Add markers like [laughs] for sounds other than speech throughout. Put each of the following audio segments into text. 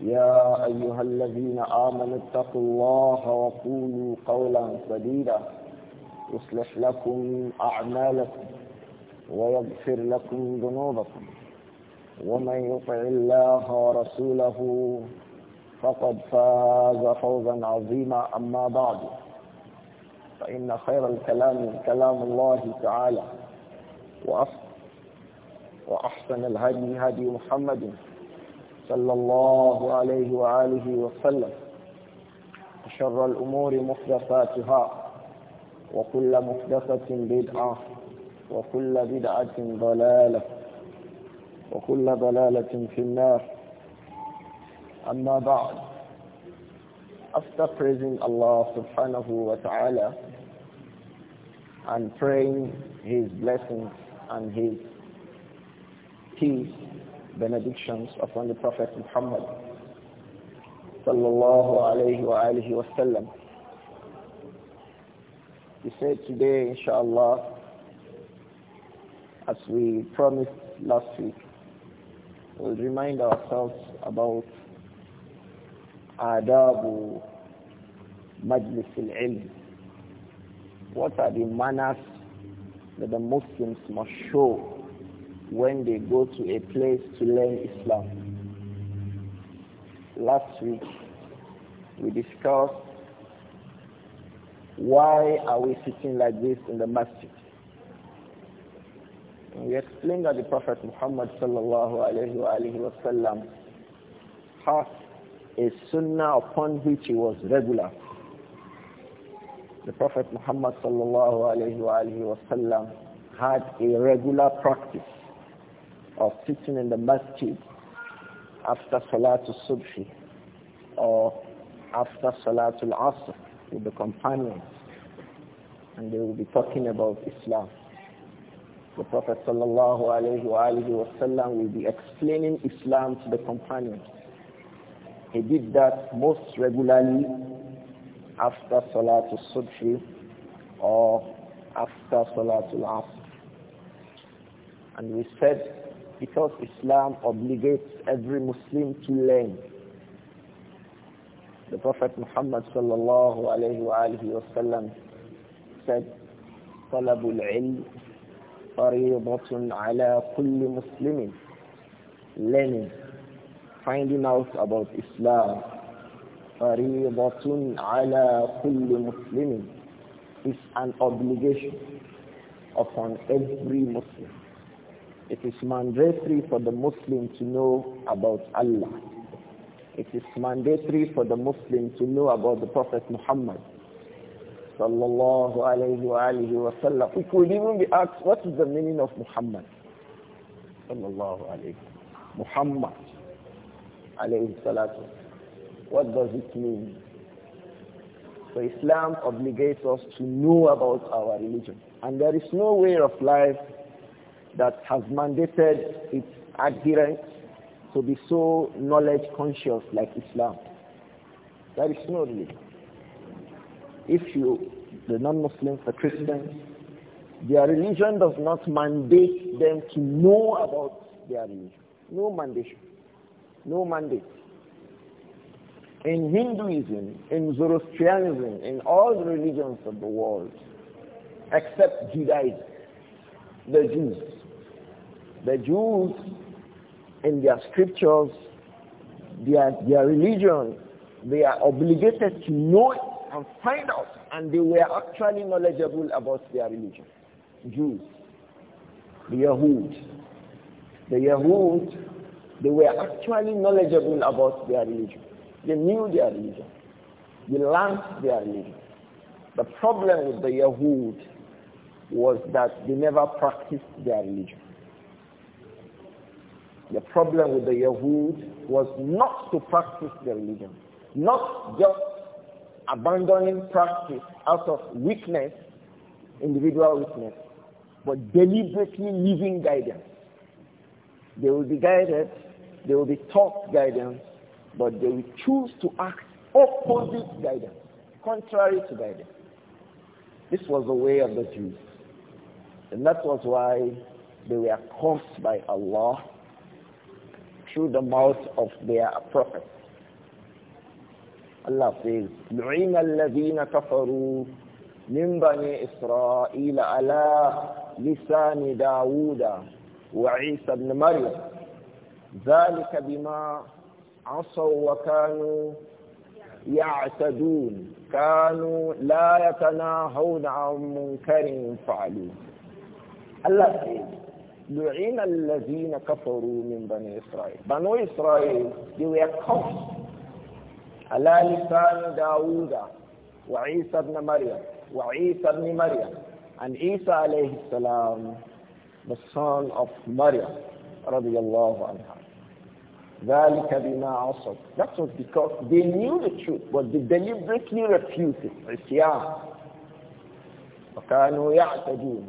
يا أيها الذين آمنوا اتقوا الله وقولوا قولا سديدا يصلح لكم أعمالكم ويغفر لكم ذنوبكم ومن يطع الله ورسوله فقد فاز فوزا عظيما أما بعد فإن خير الكلام كلام الله تعالى وأحسن الهدي هدي محمد صلى الله عليه وآله وسلم شر الأمور محدثاتها وكل محدثة بدعة وكل بدعة ضلالة وكل ضلالة في النار أما بعد After praising Allah subhanahu wa ta'ala and praying His blessings and His peace benedictions upon the Prophet Muhammad sallallahu alayhi wa alihi wa sallam. He said today, inshallah, as we promised last week, we'll remind ourselves about adabu majlis al-ilm. What are the manners that the Muslims must show when they go to a place to learn Islam. Last week, we discussed why are we sitting like this in the masjid. we explained that the Prophet Muhammad sallallahu alayhi wasallam had has a sunnah upon which he was regular. The Prophet Muhammad sallallahu alayhi wa alayhi wa sallam had a regular practice of sitting in the masjid after Salatul Subhi or after Salatul Asr with the companions and they will be talking about Islam. The Prophet sallallahu alayhi wasallam will be explaining Islam to the companions. He did that most regularly after Salatul Subhi or after Salatul Asr. And we said because Islam obligates every Muslim to learn. The Prophet Muhammad sallallahu alayhi wa alihi wasallam said, طلب العلم فريضة على كل مسلم. Learning, finding out about Islam, فريضة على كل مسلم. is an obligation upon every Muslim. It is mandatory for the Muslim to know about Allah. It is mandatory for the Muslim to know about the Prophet Muhammad sallallahu alayhi wa alihi wa sallam. We could even be asked, what is the meaning of Muhammad? Sallallahu alayhi. Muhammad alayhi salatu. What does it mean? So Islam obligates us to know about our religion. And there is no way of life that has mandated its adherents to be so knowledge conscious like Islam. There is no religion. If you, the non-Muslims, the Christians, their religion does not mandate them to know about their religion. No mandation. No mandate. In Hinduism, in Zoroastrianism, in all the religions of the world, except Judaism, the Jews, the Jews, in their scriptures, their, their religion, they are obligated to know it and find out. And they were actually knowledgeable about their religion. Jews, the Yahud. The Yahud, they were actually knowledgeable about their religion. They knew their religion. They learned their religion. The problem with the Yahud was that they never practiced their religion. The problem with the Yahud was not to practice the religion, not just abandoning practice out of weakness, individual weakness, but deliberately leaving guidance. They will be guided, they will be taught guidance, but they will choose to act opposite guidance, contrary to guidance. This was the way of the Jews. And that was why they were cursed by Allah through the mouth of their prophet. Allah says, لعن الذين كفروا من بني إسرائيل على لسان داوود وَعِيسَ بن مريم ذلك بما عصوا وكانوا يعتدون كانوا لا يتناهون عن منكر فعلوه Allah says لعن الذين كفروا من بني إسرائيل بنو إسرائيل they were cursed على لسان داود وعيسى بن مريم وعيسى بن مريم and عيسى عليه السلام the son of مريم رضي الله عنها ذلك بما عصوا that was because they knew the truth but they deliberately refused it عصيان وكانوا يعتدون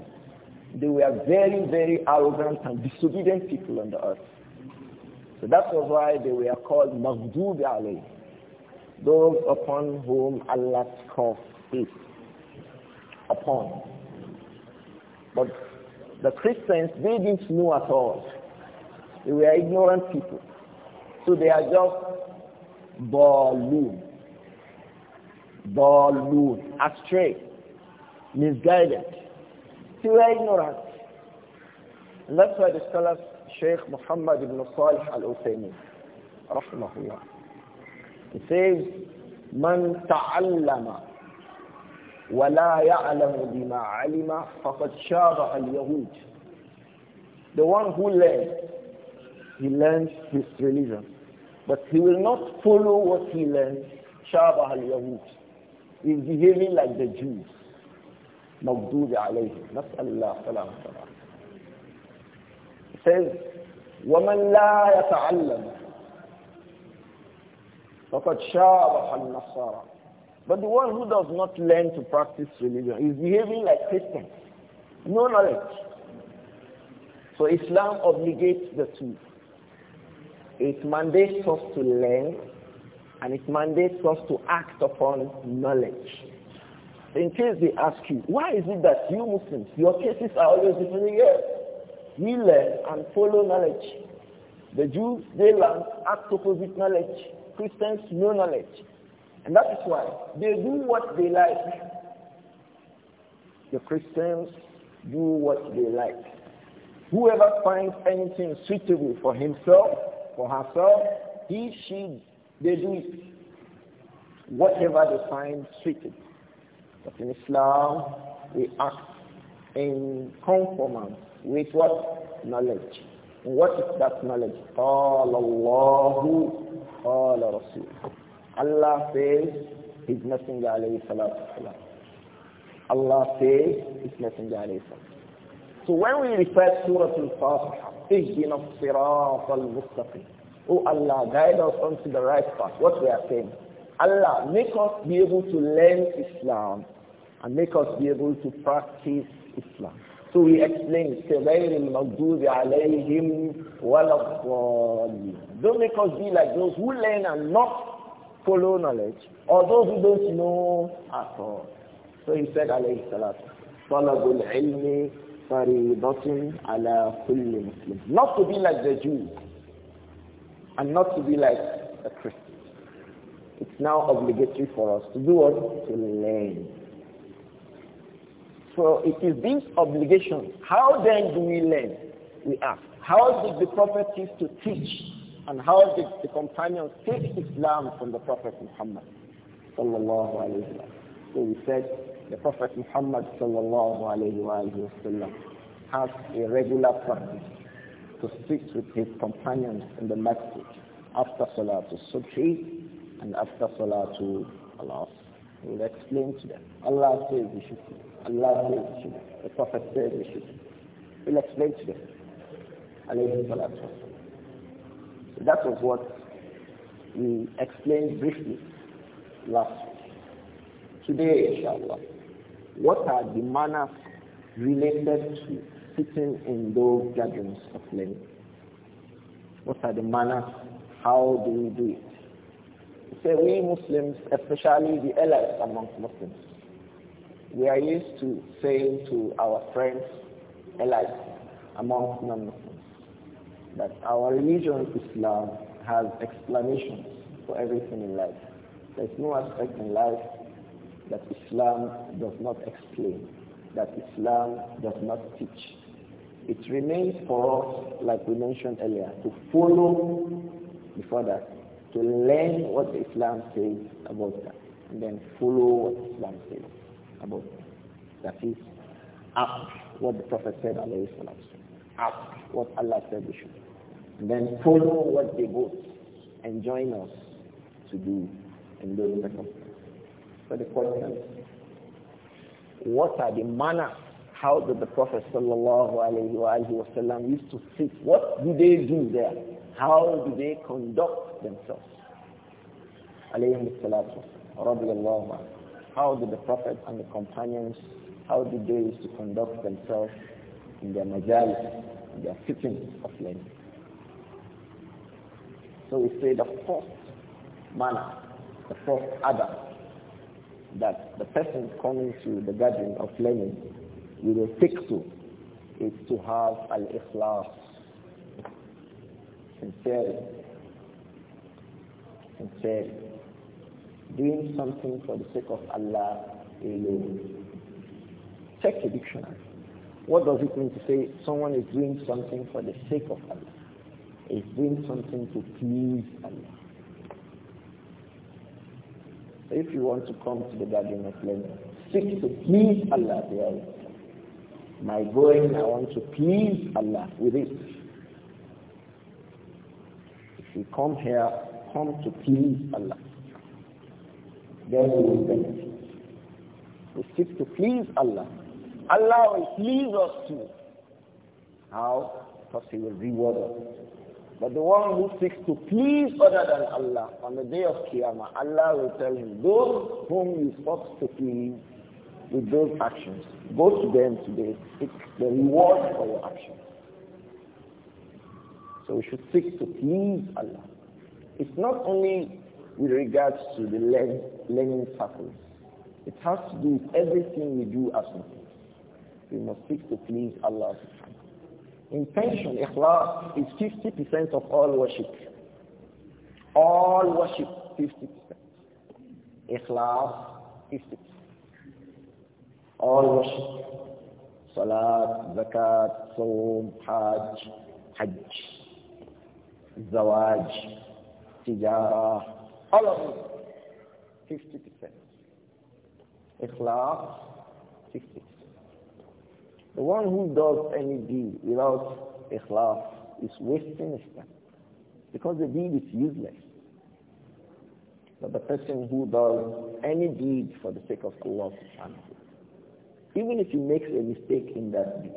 They were very, very arrogant and disobedient people on the earth. So that was why they were called Maghdub Ali, those upon whom Allah's curse is upon. But the Christians, they didn't know at all. They were ignorant people. So they are just balloon, balloon, astray, misguided. They were ignorant. And that's why the scholars, Sheikh Muhammad ibn Salih al uthaymi rahmahullah, he says, من تعلم ولا يعلم بما علم فقد شابه اليهود the one who learns he learns his religion but he will not follow what he learns شابه اليهود is behaving like the Jews مغضوب عليهم نسأل الله سلام سلام says ومن لا يتعلم فقد شابه النصارى but the one who does not learn to practice religion is behaving like Christians no knowledge so Islam obligates the two it mandates us to learn and it mandates us to act upon knowledge in case they ask you, why is it that you Muslims, your cases are always different here? We learn and follow knowledge. The Jews, they learn, act opposite knowledge. Christians, no knowledge. And that is why they do what they like. The Christians do what they like. Whoever finds anything suitable for himself, for herself, he, she, they do it. Whatever they find suitable. But in Islam, we act in conformance with what? Knowledge. And what is that knowledge? Allah says His Messenger alayhi salatu Allah says His Messenger alayhi salatu So when we recite Surah Al-Fatiha, Sirat Al Mustaqim," Oh Allah, guide us onto the right path. What we are saying? Allah, make us be able to learn Islam and make us be able to practice Islam. So we explain, سَغَيْرِ الْمَغْضُوبِ الضَّالِينَ Don't make us be like those who learn and not follow knowledge, or those who don't know at all. So he said, عليه salatu طلب العلم فريضة على كل مسلم. Not to be like the Jews, and not to be like a Christian. It's now obligatory for us to do what? To learn. So it is this obligation. How then do we learn? We ask. How did the Prophet teach to teach? And how did the companions take Islam from the Prophet Muhammad? Sallallahu alayhi wa So we said the Prophet Muhammad sallallahu alayhi wa sallam has a regular practice to sit with his companions in the masjid after Salatul Subhi and after Salah, to Allah, He will explain to them. Allah says you should. Allah says you should. The Prophet says you should. He will explain to them. Alayhi Salatu So that was what we explained briefly last week. Today, inshallah, what are the manners related to sitting in those gardens of learning? What are the manners? How do we do it? say we Muslims, especially the elites amongst Muslims, we are used to saying to our friends, elites amongst non-Muslims, that our religion, Islam, has explanations for everything in life. There's no aspect in life that Islam does not explain, that Islam does not teach. It remains for us, like we mentioned earlier, to follow before that to learn what Islam says about that and then follow what Islam says about that. That is, ask what the Prophet said, alayhi salam. Act what Allah said we should. And then follow what they both enjoin us to do in the methods. But the question is, what are the manners? How did the Prophet sallallahu alayhi wasallam used to sit? What do they do there? How do they conduct themselves? How did the Prophet and the companions, how did they used to conduct themselves in their majalis, in their sitting of learning? So we say the first manner, the first adab that the person coming to the garden of learning we will take to is to have al-ikhlas Sincerely. Sincerely. Doing something for the sake of Allah alone. Check the dictionary. What does it mean to say someone is doing something for the sake of Allah? Is doing something to please Allah. If you want to come to the garden of learning, seek to please Allah. My going, I want to please Allah with it. We come here, come to please Allah. Then we will benefit. We seek to please Allah. Allah will please us too. How? Because He will reward us. But the one who seeks to please other than Allah, on the day of Qiyamah, Allah will tell him, those whom He sought to please with those actions, go to them today, seek the reward for your actions. So we should seek to please Allah. It's not only with regards to the learning circles. It has to do with everything we do as Muslims. We must seek to please Allah. Intention, ikhlas, is 50% of all worship. All worship, 50%. Ikhlas, 50%. All worship. Salat, zakat, Saum, Hajj, Hajj zawaj, tijara, all of it, 50%. Ikhlas, 60 The one who does any deed without ikhlas is wasting his time because the deed is useless. But the person who does any deed for the sake of Allah subhanahu even if he makes a mistake in that deed,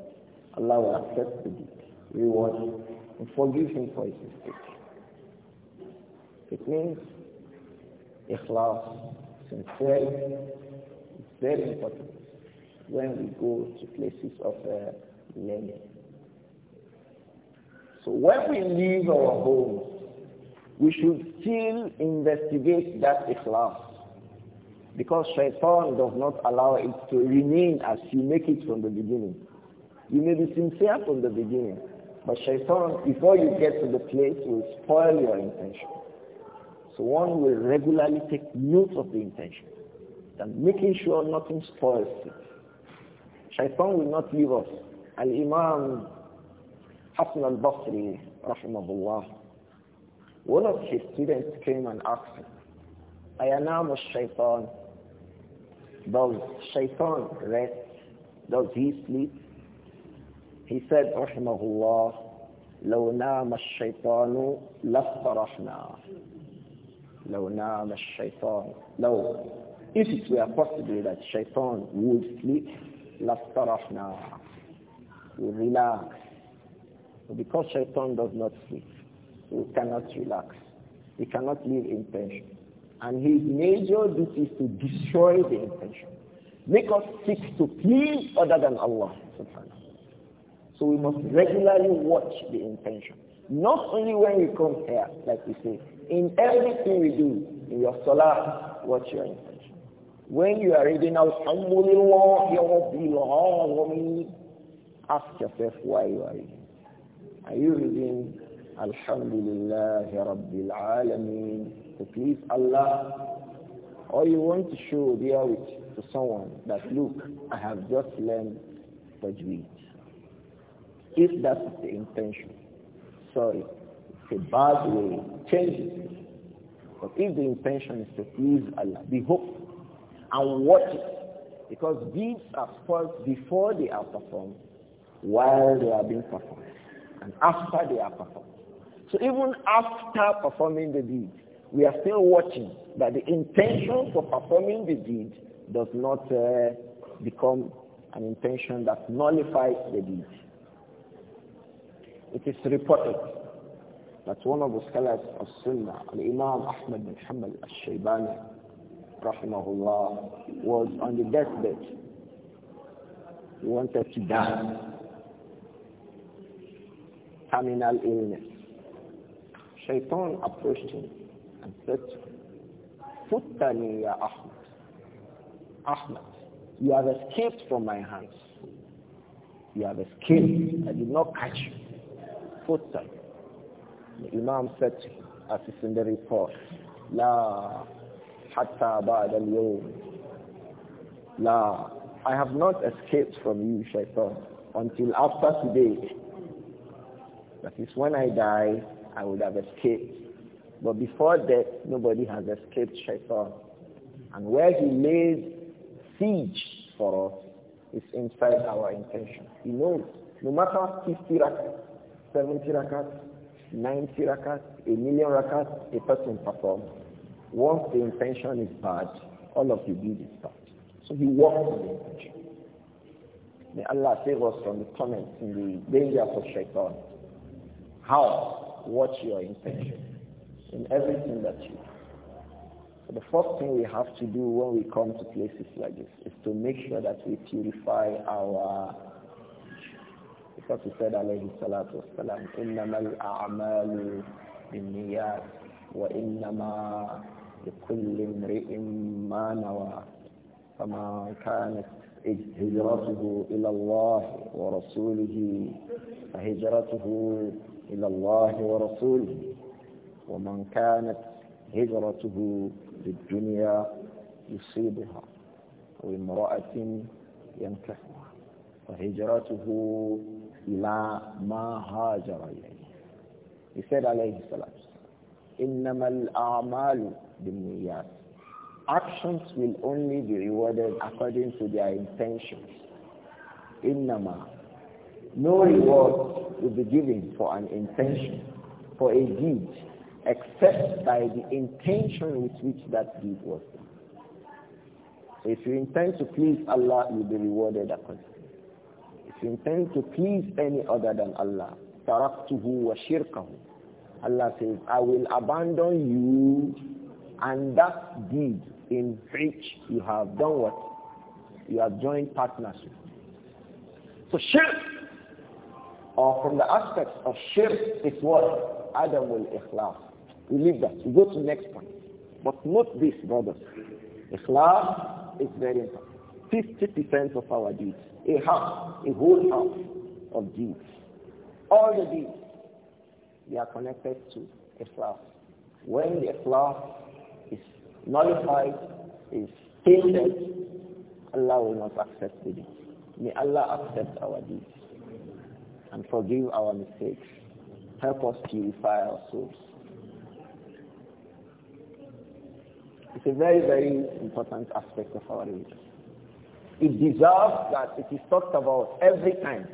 Allah will accept the deed, reward and forgive him for his mistake. It means ikhlas, sincerity, is very important when we go to places of uh, learning. So when we leave our homes, we should still investigate that ikhlas because shaitan does not allow it to remain as you make it from the beginning. You may be sincere from the beginning, but shaitan, before you get to the place, will spoil your intention. So one will regularly take note of the intention and making sure nothing spoils it. Shaitan will not leave us. Al-Imam Hassan al-Basri, rahimahullah, one of his students came and asked him, Ayanam shaitan? Does shaitan rest? Does he sleep? He said, Rahimahullah, لو نام الشيطان لاسترحنا. لو نام If it were possible that shaitan would sleep, لاسترحنا. We relax. Because shaitan does not sleep, we cannot relax. We cannot live in tension. And his major duty is to destroy the intention. Make us seek to please other than Allah subhanahu so we must regularly watch the intention. Not only when you come here, like we say, in everything we do, in your salah, watch your intention. When you are reading Alhamdulillah, Rabbil ask yourself why you are reading. Are you reading Alhamdulillah, Rabbil Alameen, to please Allah? Or you want to show there to someone that, look, I have just learned Tajweed. If that's the intention, sorry, it's a bad way, change it. But if the intention is to please Allah, be hopeful and watch it. Because deeds are spoiled before they are performed, while they are being performed, and after they are performed. So even after performing the deed, we are still watching that the intention for performing the deed does not uh, become an intention that nullifies the deed. It is reported that one of the scholars of Sunnah, Imam Ahmad bin al-Shaybani, rahimahullah, was on the deathbed. He wanted to die. Terminal illness. Shaitan approached him and said, Futtani ya Ahmad. Ahmad, you have escaped from my hands. You have escaped. I did not catch you. The Imam said, as if in the report, La hatta ba'd al La, I have not escaped from you, Shaitan, until after today. That is when I die, I would have escaped. But before death, nobody has escaped Shaitan. And where he lays siege for us is inside our intention. He knows, no matter 50 rakats, 70 rakats, 90 rakats, a million rakats a person performs. Once the intention is bad, all of the deed is bad. So he walks with the intention. May Allah save us from the torment and the danger of shaitan. How? Watch your intention in everything that you do. So the first thing we have to do when we come to places like this is to make sure that we purify our Prophet said, alayhi salatu wasalam, إِنَّمَا الْأَعْمَالُ بِالنِّيَاتِ وَإِنَّمَا لِكُلِّ امْرِئٍ مَّا نَوَى فَمَا كَانَتْ هجرته إلى الله ورسوله فهجرته إلى الله ورسوله ومن كانت هجرته للدنيا يصيبها وامرأة ينكحها فهجرته إلى ما هاجر إليه He said Actions will only be rewarded according to their intentions. إنما No reward will be given for an intention, for a deed, except by the intention with which that deed was done. So if you intend to please Allah, you'll be rewarded accordingly intend to please any other than Allah, taraktuhu wa shirkahu. Allah says, I will abandon you and that deed in which you have done what? You have joined partnership. So shirk, or from the aspects of shirk, is what? Adam will ikhlas. We leave that. We go to the next point. But note this, brothers. Ikhlas is very important. 50% of our deeds a house, a whole house of deeds. All the deeds, they are connected to a class. When the class is nullified, is tainted, Allah will not accept the deeds. May Allah accept our deeds and forgive our mistakes. Help us purify our souls. It's a very, very important aspect of our religion. It deserves that it is talked about every time.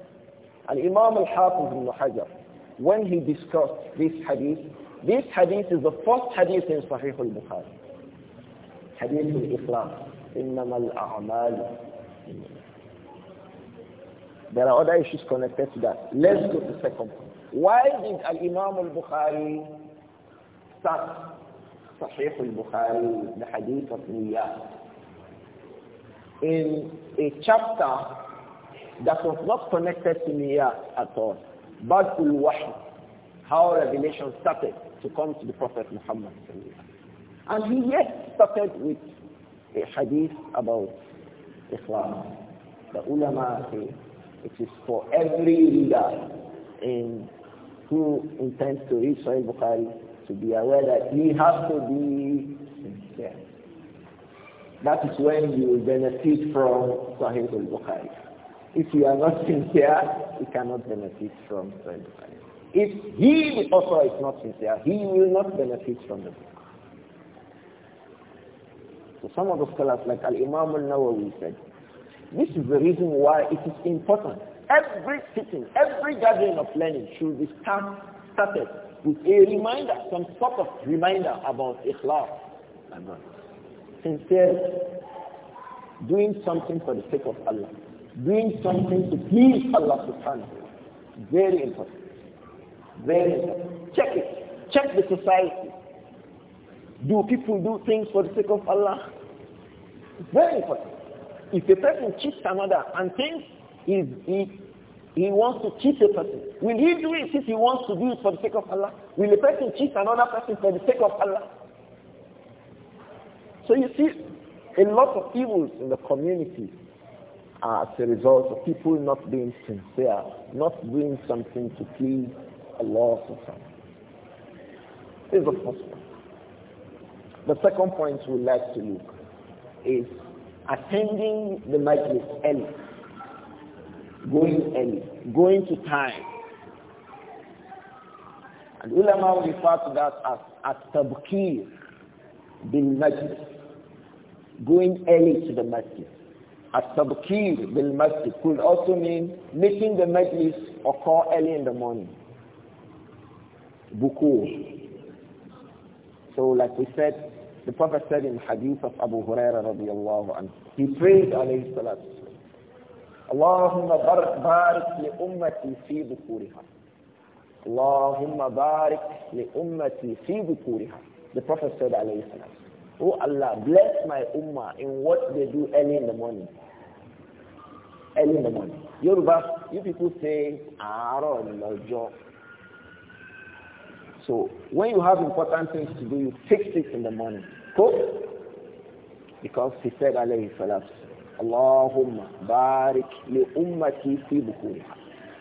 And Imam al-Hafiz ibn Hajar, when he discussed this hadith, this hadith is the first hadith in Sahih al-Bukhari. Hadith al-Ikhlas. إِنَّمَا الْأَعْمَالُ There are other issues connected to that. Let's go to second point. Why did imam al-Bukhari start Sahih al-Bukhari, the hadith of Niyah? in a chapter that was not connected to Niyah at all. Badul Wahi, how revelation started to come to the Prophet Muhammad. And he yet started with a hadith about Islam. The ulama say it is for every reader in who intends to read Sahih Bukhari to be aware that he has to be sincere. That is when you benefit from Sahih al-Bukhari. If you are not sincere, you cannot benefit from Sahih al-Bukhari. If he also is not sincere, he will not benefit from the book. So some of the scholars, like Al-Imam al-Nawawi said, this is the reason why it is important. Every sitting, every gathering of learning should be started with a reminder, some sort of reminder about ikhlas. Instead, doing something for the sake of Allah, doing something to please Allah subhanahu Very important. Very important. Check it. Check the society. Do people do things for the sake of Allah? Very important. If a person cheats another and thinks he, he, he wants to cheat a person, will he do it if he wants to do it for the sake of Allah? Will a person cheat another person for the sake of Allah? So you see, a lot of evils in the community are as a result of people not being sincere, not doing something to please Allah subhanahu. This is the first point. The second point we like to look is attending the majlis early, going early, going to time. And ulama refer to that as at-tabkir bil majlis going early to the masjid. At-tabqir bil masjid could also mean making the majlis occur early in the morning. Bukur. So like we said, the Prophet said in hadith of Abu Huraira radiallahu anhu, he prayed alayhi salatu اللهم بارك لأمتي في ذكورها اللهم بارك لأمتي في ذكورها The Prophet said عليه السلام Oh Allah, bless my ummah in what they do early in the morning. Early in the morning. Yoruba, you people say, Aro lojo. So when you have important things to do, you fix it in the morning. Go. Because he said, alayhi salatu, Allahumma barik li ummati fi bukuriha.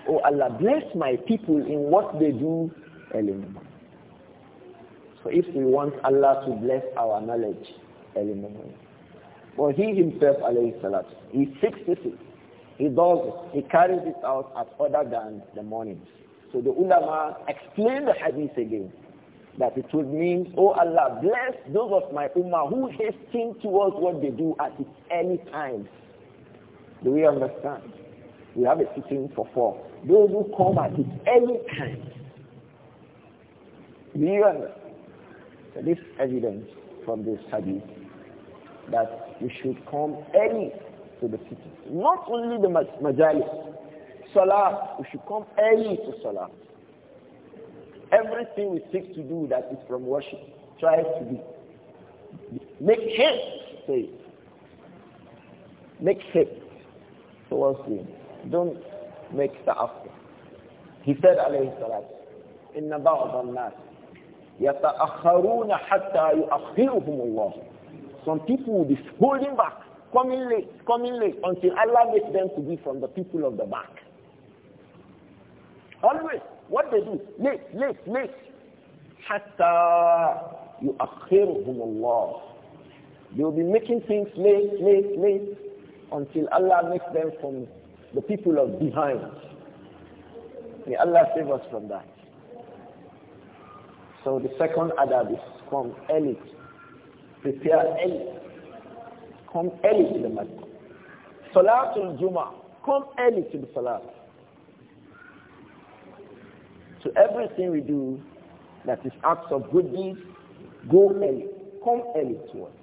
Oh Allah, bless my people in what they do early in the morning. So if we want Allah to bless our knowledge, eliminate. But he himself, alayhi salat, he fixes it. He does it. He carries it out at other than the mornings. So the ulama explain the hadith again. That it would mean, oh Allah, bless those of my ummah who hasten towards what they do at any time. Do we understand? We have a sitting for four. Those who come at any time. Do you understand? this evidence from this hadith that you should come early to the city. Not only the majalis, salah, you should come early to salah. Everything we seek to do that is from worship, try to be. Make haste, say. Make haste towards him. Don't make the after. He said, alayhi salat, إِنَّ بَعْضَ النَّاسِ يَتَأَخَّرُونَ حَتَّى يُؤَخِّرُهُمُ اللَّهُ Some people will be holding back, coming late, coming late, until Allah makes them to be from the people of the back. Always, what they do, late, late, late. حَتَّى يُؤَخِّرُهُمُ اللَّهُ They will be making things late, late, late, until Allah makes them from the people of behind. May Allah save us from that. So the second adab is come early. Prepare early. Come early to the masjid. Salatul Juma, Come early to the salat. To everything we do that is acts of good deeds, go early. Come early to us.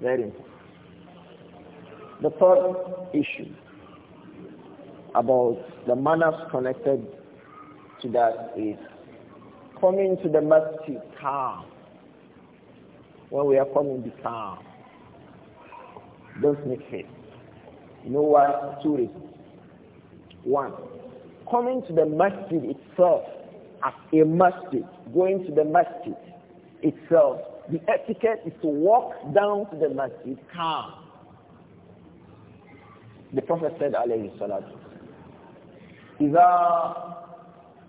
Very important. The third issue about the manners connected to that is Coming to the masjid, calm. When we are coming, be calm. Don't make haste. You know what? Two reasons. One, coming to the masjid itself as a masjid, going to the masjid itself, the etiquette is to walk down to the masjid calm. The Prophet said, alayhi salatu, إِذَا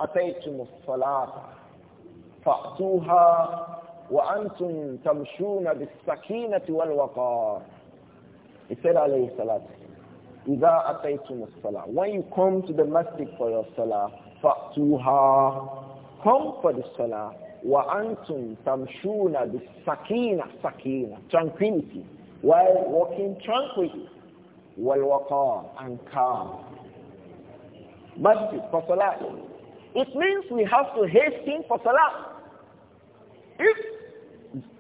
أَتَيْتُمُ الصَّلَاةَ فأتوها وأنتم تمشون بالسكينة والوقار He said عليه الصلاة إذا أتيتم الصلاة When you come to the masjid for your salah فأتوها Come for the salah وأنتم تمشون بالسكينة سكينة Tranquility While walking tranquilly والوقار and calm Masjid for salah It means we have to hasten for salah if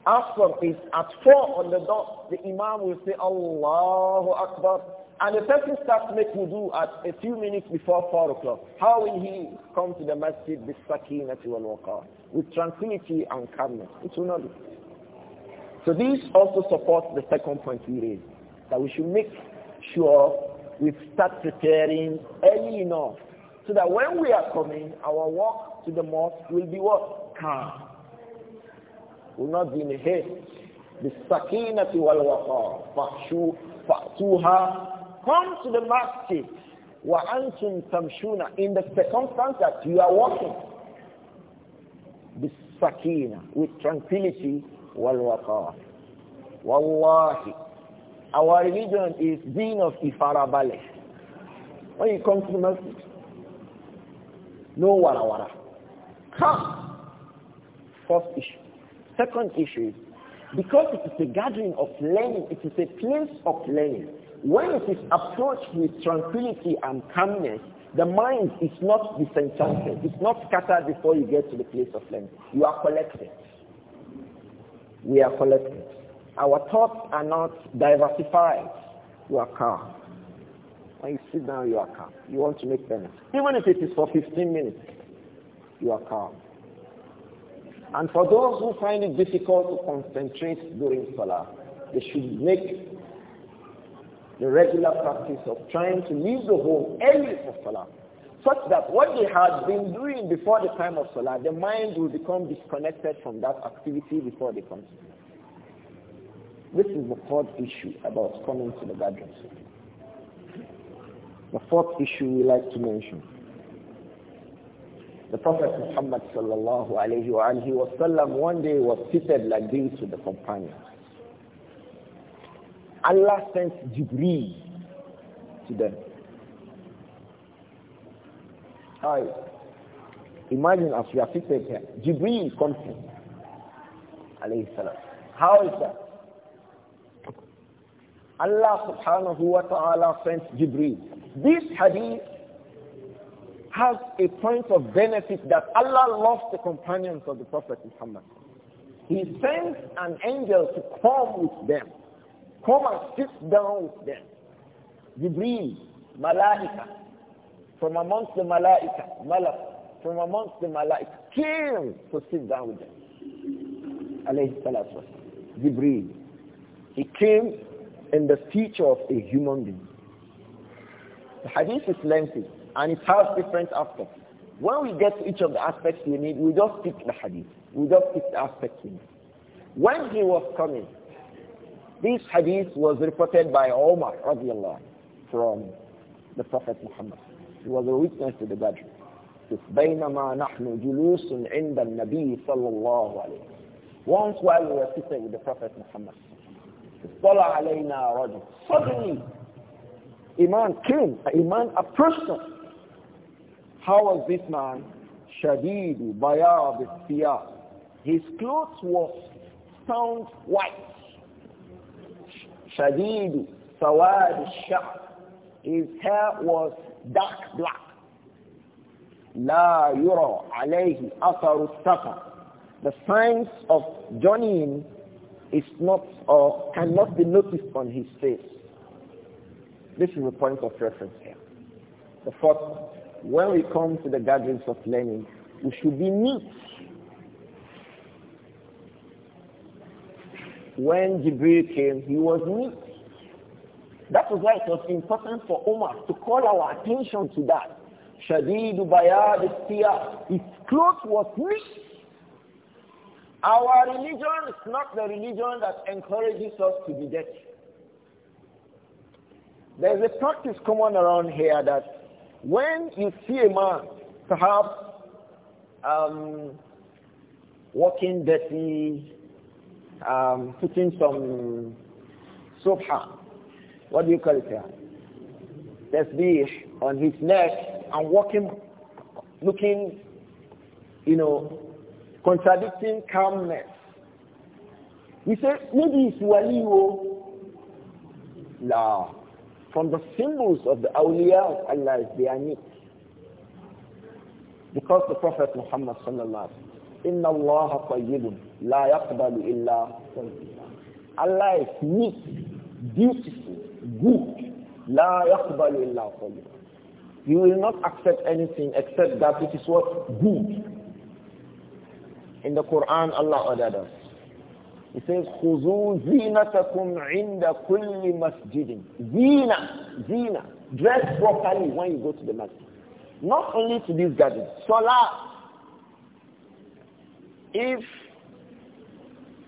Asr is at four on the dot, the Imam will say Allahu Akbar. And the person starts make wudu at a few minutes before four o'clock. How will he come to the masjid with sakinati wal waqar? With tranquility and calmness. It will not be. So this also supports the second point we raised, that we should make sure we start preparing early enough so that when we are coming, our walk to the mosque will be what? Calm will not be in a haste. The sakinati wal waqar. Fahshu, fa'tuha. Come to the masjid. Wa antum tamshuna. In the circumstance that you are walking. The sakina. With tranquility wal waqar. Wallahi. Our religion is being of ifarabale. When you come to the masjid, no wara wara. Come. First issue. Second issue is because it is a gathering of learning, it is a place of learning. When it is approached with tranquility and calmness, the mind is not disenchanted. It's not scattered before you get to the place of learning. You are collected. We are collected. Our thoughts are not diversified. You are calm. When you sit down, you are calm. You want to make benefit. Even if it is for 15 minutes, you are calm. And for those who find it difficult to concentrate during Salah, they should make the regular practice of trying to leave the home early for Salah, such that what they had been doing before the time of Salah, the mind will become disconnected from that activity before they come to this is the fourth issue about coming to the gatherings. The fourth issue we like to mention. The Prophet Muhammad sallallahu alayhi wa alihi wasallam one day was seated like this with the companions. Allah sent Jibreel to them. Hi. Imagine as we are seated here, Jibreel comes in. Alayhi salam. How is that? Allah subhanahu wa ta'ala sent Jibreel. This hadith has a point of benefit that Allah loves the companions of the Prophet Muhammad. He sends an angel to come with them. Come and sit down with them. Jibreel, Malaika, from amongst the Malaika, Malak, from amongst the Malaika, came to sit down with them. Alayhi salatu Jibreel. He came in the feature of a human being. The hadith is lengthy. And it has different aspects. When we get to each of the aspects we need, we just pick the hadith. We just pick the aspects we need. When he was coming, this hadith was reported by Omar radiallahu from the Prophet Muhammad. He was a witness to the Badr. بينما نحن جلوس عند النبي صلى الله عليه وسلم once while we were sitting with the Prophet Muhammad. Suddenly, Iman came, Iman approached us. How was this man? Shadid bayad siyah. His clothes was sound white. Shadid sawad shah. His hair was dark black. La yura alayhi atharu safar. The signs of journeying is not or cannot be noticed on his face. This is the point of reference here. The fourth when we come to the gatherings of learning, we should be neat. When Jibril came, he was neat. That was why it was important for Omar to call our attention to that. Shadidu Bayad His clothes was neat. Our religion is not the religion that encourages us to be dirty. There is a practice common around here that when you see a man, perhaps um, walking dirty, um, putting some soap, what do you call it here? be on his neck and walking, looking, you know, contradicting calmness. We say, maybe it's waliwo. Oh. No. From the symbols of the awliya of Allah is are need. Because the Prophet Muhammad sallallahu إِنَّ اللَّهَ طَيِّبٌ لَا يَقْبَلُ إِلَّا Allah is neat, beautiful, good. La يَقْبَلُ Illa طَيِّبٌ You will not accept anything except that which is what? Good. In the Quran, Allah ordered us. He says, خُذُوا زِينَتَكُمْ عِنْدَ كُلِّ مَسْجِدٍ Zina, zina. Dress properly when you go to the masjid. Not only to this garden. Salah. If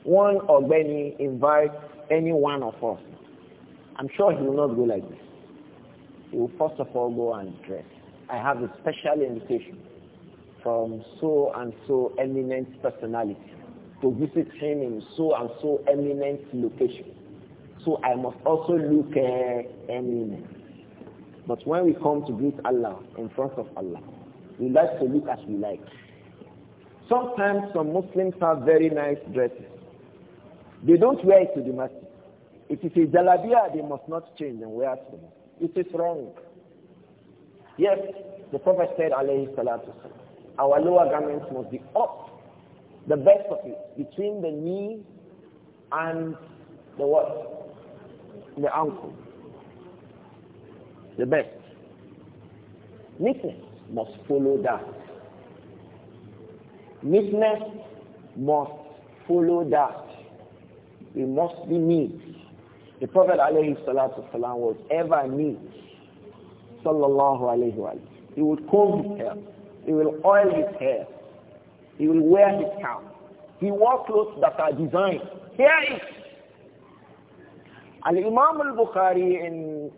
one or many invite any one of us, I'm sure he will not go like this. He will first of all go and dress. I have a special invitation from so and so eminent personality to visit him in so and so eminent location. So I must also look uh, eminent. But when we come to greet Allah in front of Allah, we like to look as we like. Sometimes some Muslims have very nice dresses. They don't wear it to the masjid. If it is jalabiya, they must not change and wear it. It is wrong. Yes, the Prophet said, our lower garments must be up the best of it, between the knee and the what? The ankle. The best. Neatness must follow that. Neatness must follow that. It must be neat. The Prophet alayhi salatu salam was ever neat. Sallallahu alayhi wa He would comb his hair. He will oil his hair. He will wear his cap. He wore clothes that are designed. Here is Al-Imam al-Bukhari in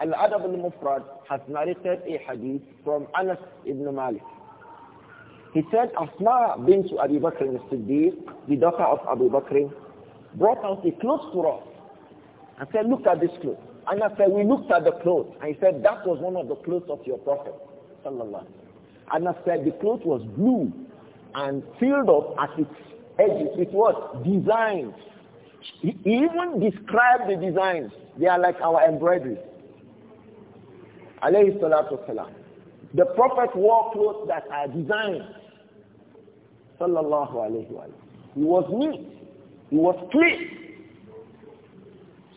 Al-Adab al-Mufrad has narrated a hadith from Anas ibn Malik. He said, Asma bint Abu Bakr al-Siddiq, the daughter of Abu Bakr, brought out the clothes for us and said, look at this cloth. And I said, we looked at the cloth. And he said, that was one of the clothes of your prophet. And I said, the cloth was blue and filled up at its edges It was Designs. He even described the designs. They are like our embroidery. Alayhi salatu salam. The Prophet wore clothes that are designed. Sallallahu alayhi wa He was neat. He was clean.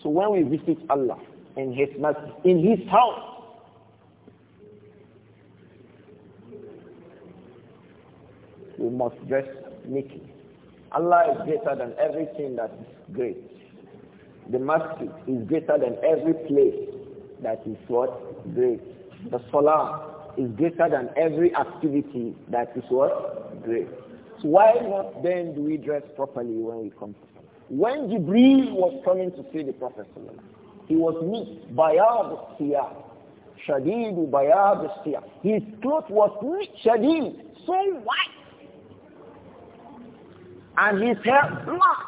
So when we visit Allah in His in His house, we must dress naked. Allah is greater than everything that is great. The masjid is greater than every place that is what? Great. The salah is greater than every activity that is what? Great. So why not then do we dress properly when we come to salah? When Jibreel was coming to see the Prophet he was meek, bayab siyah, shadid bayab siyah. His cloth was meek, shadid, so white and his hair black.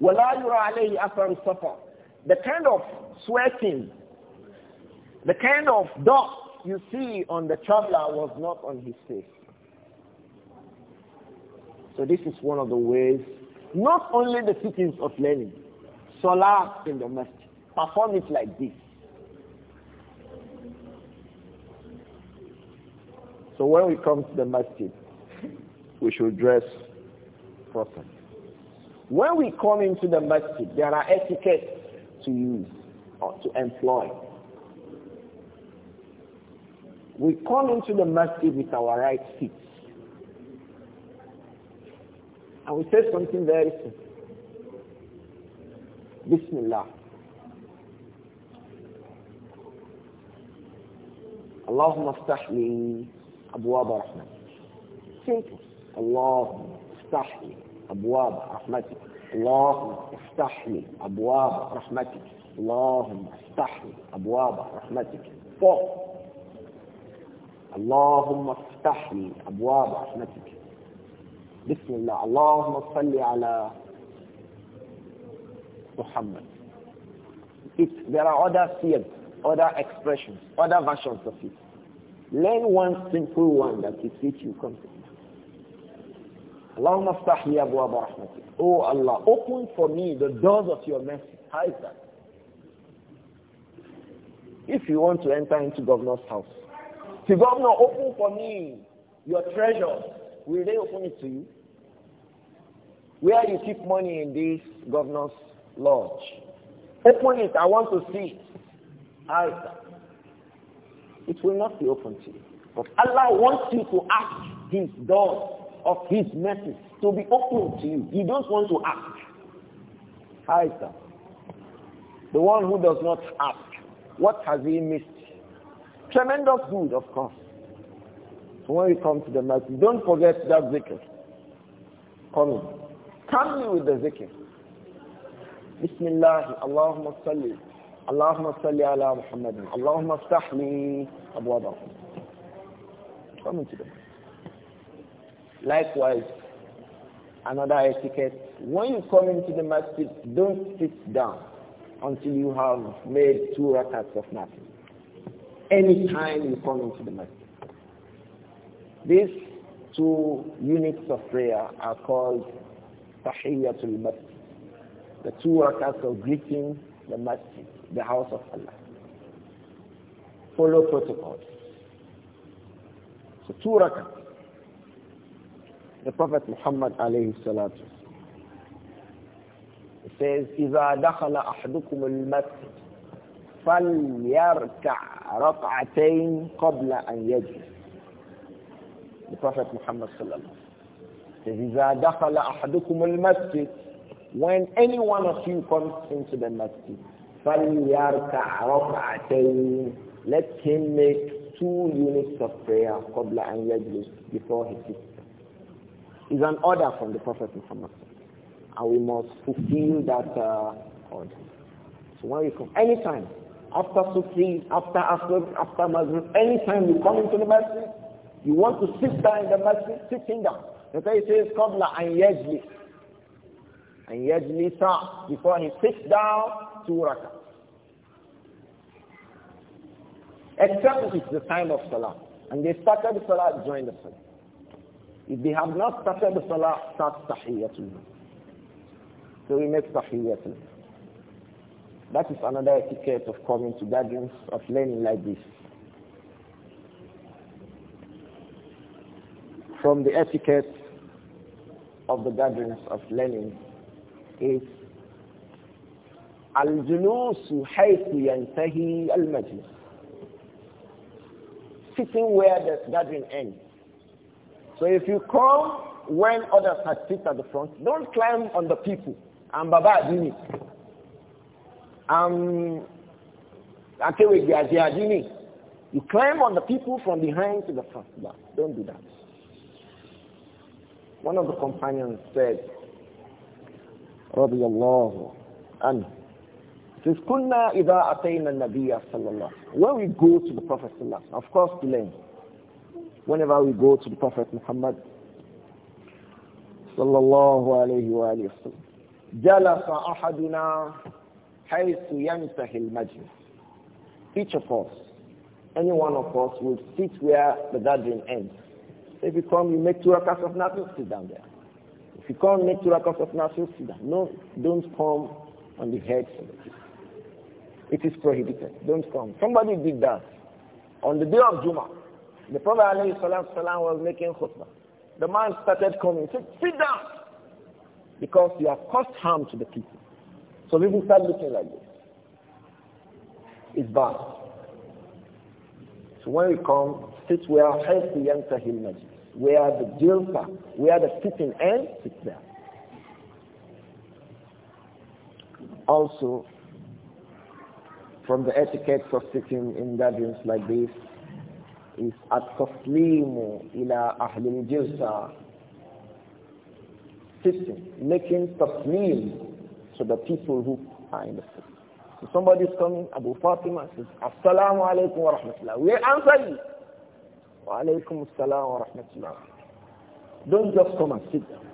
وَلَا يُرَى عَلَيْهِ أَثَرُ السَّفَرِ The kind of sweating, the kind of dust you see on the traveler was not on his face. So this is one of the ways, not only the teachings of learning, salah in the masjid, perform it like this. So when we come to the masjid, we should dress properly. When we come into the masjid, there are etiquettes to use or to employ. We come into the masjid with our right feet. And we say something very simple. Bismillah. Allahumma aftah li abwaab rahman. Simple. Allahumma. افتح لي أبواب رحمتك اللهم افتح لي أبواب رحمتك اللهم افتح لي أبواب رحمتك فوق اللهم افتح لي أبواب رحمتك بسم الله اللهم صل على Muhammad. It, there are other fears, other expressions, other versions of it. Learn one simple one that is it you come to. Allahumma aftah li abwaab rahmatik. Oh Allah, open for me the doors of your mercy. How is that? If you want to enter into governor's house, say, Governor, open for me your treasure. Will they open it to you? Where you keep money in this governor's lodge? Open it. I want to see it. It will not be open to you. But Allah wants you to ask his doors of his mercy to be open to you. He doesn't want to ask. Hi, sir. The one who does not ask, what has he missed? Tremendous good, of course. So when you come to the mercy. don't forget that zikr. Come in. Come in with the zikr. Bismillah, Allahumma salli. Allahumma salli ala Muhammadin. Allahumma stahli abwabahum. Come into the Likewise, another etiquette, when you come into the masjid, don't sit down until you have made two rakats of nothing. time you come into the masjid. These two units of prayer are called Tahiyyatul Masjid. The two rakats of greeting the masjid, the house of Allah. Follow protocols. So two rakats. The Prophet Muhammad alayhi salatu says, إِذَا دَخَلَ أَحْدُكُمُ الْمَسْجِدِ فَلْيَرْكَعْ رَكْعَتَيْنِ قَبْلَ أَنْ يَجْلِسَ The Prophet Muhammad sallallahu alayhi wa sallam says, إِذَا دَخَلَ أَحْدُكُمُ الْمَسْجِدِ When any one of you comes into the masjid, فَلْيَرْكَعْ رَكْعَتَيْنِ Let him make two units of prayer قَبْلَ أَنْ يَجْلِسَ before he sits is an order from the Prophet Muhammad. And we must fulfill that uh, order. So when you come, anytime, after Sufi, after Asr, after Maghrib, anytime you come into the masjid, you want to sit down in the masjid, sitting down. The Prophet says, Qabla an and An yajlisa, before he sits down, to rakah. Except it's the time of Salah. And they started the Salah during the Salah. If they have not started the salah, start tahiyyatul So we make tahiyyatul That is another etiquette of coming to gatherings, of learning like this. From the etiquette of the gatherings of learning is الجلوس حيث ينتهي المجلس sitting where the gathering ends so if you come when others have seats at the front, don't climb on the people. And Baba Adini. Um, Akewe Adini. You climb on the people from behind to the front. No, don't do that. One of the companions said, رضي الله عنه says كنا إذا أتينا النبي صلى الله when we go to the Prophet صلى الله of course to learn whenever we go to the Prophet Muhammad sallallahu alayhi wa alayhi wa sallam. جَلَسَ أَحَدُنَا حَيْثُ يَنْتَهِ الْمَجْلِسِ Each of us, any one of us will sit where the gathering ends. If you come, you make two rakats of nothing, sit down there. If you come, make two rakats of nothing, sit down. No, don't come on the heads It is prohibited. Don't come. Somebody did that on the day of Juma. The Prophet ﷺ was making khutbah. The man started coming. He said, sit down. Because you have caused harm to the people. So people start looking like this. It's bad. So when we come, sit where healthy young Tahil Majid, where the jilfa, where the sitting end. sit there. Also, from the etiquette for sitting in gatherings like this is at-taslimu ila ahlil jilsa. System, making taslim to the people who are in the system. So is coming, Abu Fatima says, Assalamu alaikum wa rahmatullah. We answer you. Wa alaikum assalam wa rahmatullah. Don't just come and sit down.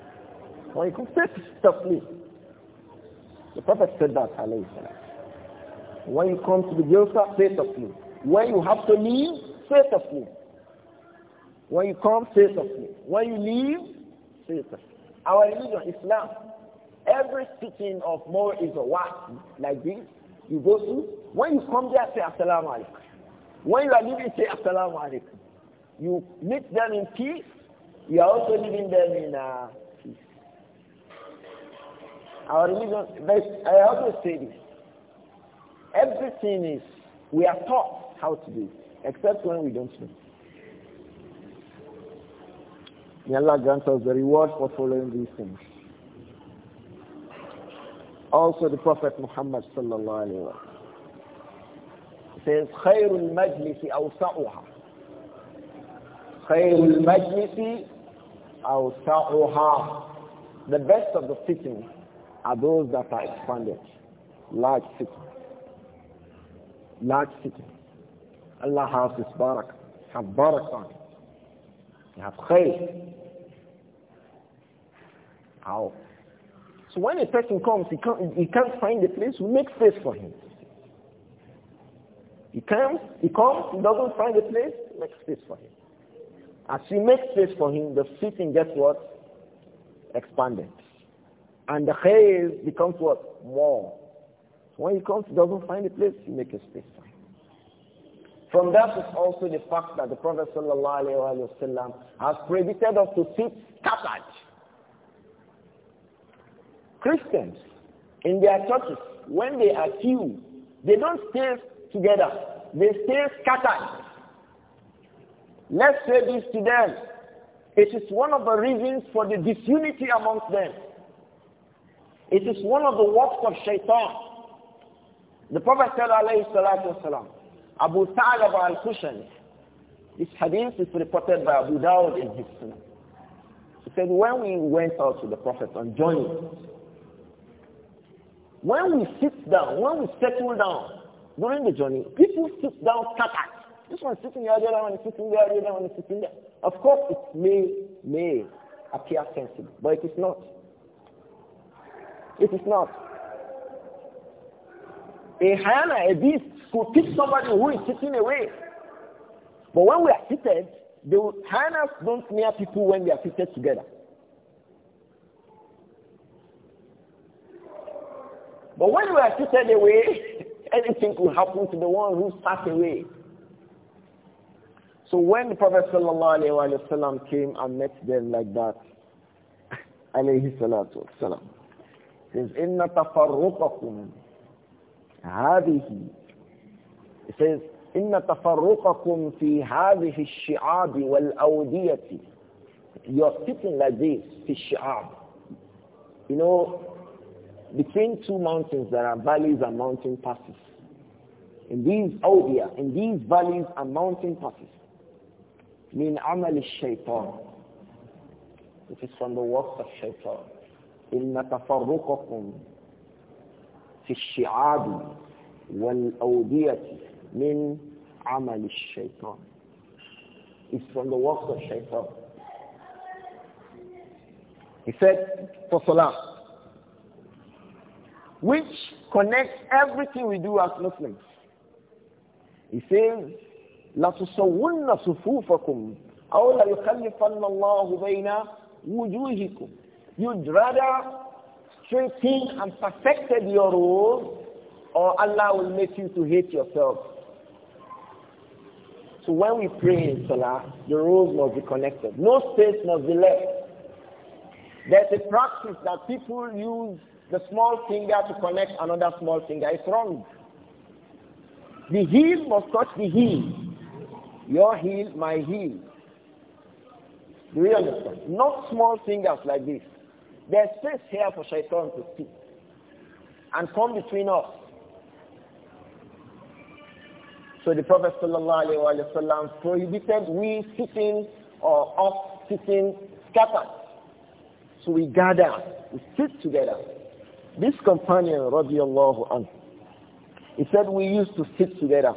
When you come, sit The Prophet said that, alayhi salam. When you come to the Jilsa, say softly. When you have to leave, say taslim. When you come, say taslim. When you leave, say taslim. Our religion, Islam, every sitting of more is a what like this. You go to, when you come there, say assalamu alaikum. When you are leaving, say assalamu alaikum. You meet them in peace, you are also leaving them in uh, peace. Our religion, I also say this. Everything is, we are taught how to do it except when we don't know. May Allah grant us the reward for following these things. Also the Prophet Muhammad says, خَيْرُ الْمَجْلِسِ أَوْسَعُهَا خَيْرُ الْمَجْلِسِ أَوْسَعُهَا The best of the sitting are those that are expanded. Large sitting. Large sitting. Allah has His barakah. Have barakah. You have khair. How? So when a person comes, he can't, he can't find a place, we make space for him. He comes, he comes, he doesn't find a place, make space for him. As we make space for him, the sitting gets what? Expanded. And the khair becomes what? More. So when he comes, he doesn't find a place, you make a space for him. From that is also the fact that the Prophet ﷺ has predicted us to sit scattered. Christians in their churches, when they are few, they don't stay together. They stay scattered. Let's say this to them. It is one of the reasons for the disunity amongst them. It is one of the works of shaitan. The Prophet said, alayhi Abu Talib al Kushan. This hadith is reported by Abu Dawud in his Sunnah. He said, when we went out to the Prophet on journey, when we sit down, when we settle down during the journey, people sit down scattered. This one sitting here, the other one sitting there, the other one sitting there. Of course, it may, may appear sensible, but it is not. It is not. A hyena, a beast, could pick somebody who is sitting away. But when we are seated, the hyenas don't near people when they are seated together. But when we are seated away, [laughs] anything could happen to the one who sat away. So when the Prophet wasallam came and met them like that, [laughs] alayhi salatu wasalam, says, إِنَّ تَفَرُّقَكُمْ هذه it says إن تفرقكم في هذه الشعاب والأودية you're sitting like this في الشعاب you know between two mountains there are valleys and mountain passes in these awdiya in these valleys and mountain passes من عمل الشيطان it is from the works of shaitan إن تفرقكم في الشعاب والأودية من عمل الشيطان It's from the works of shaitan. He said, for salah, which connects everything we do as Muslims. He says, لَتُصَوُّنَّ صُفُوفَكُمْ أَوْ لَيُخَلِّفَنَّ اللَّهُ بَيْنَ وُجُوهِكُمْ You'd rather straightened and perfected your road, or Allah will make you to hate yourself. So when we pray in Salah, the roads must be connected. No space must be left. There's a practice that people use the small finger to connect another small finger. It's wrong. The heel must touch the heel. Your heel, my heel. Do you understand? Not small fingers like this. There's space here for shaitan to speak and come between us. So the Prophet ﷺ prohibited we sitting or us sitting scattered. So we gather, we sit together. This companion, radiallahu anhu, he said we used to sit together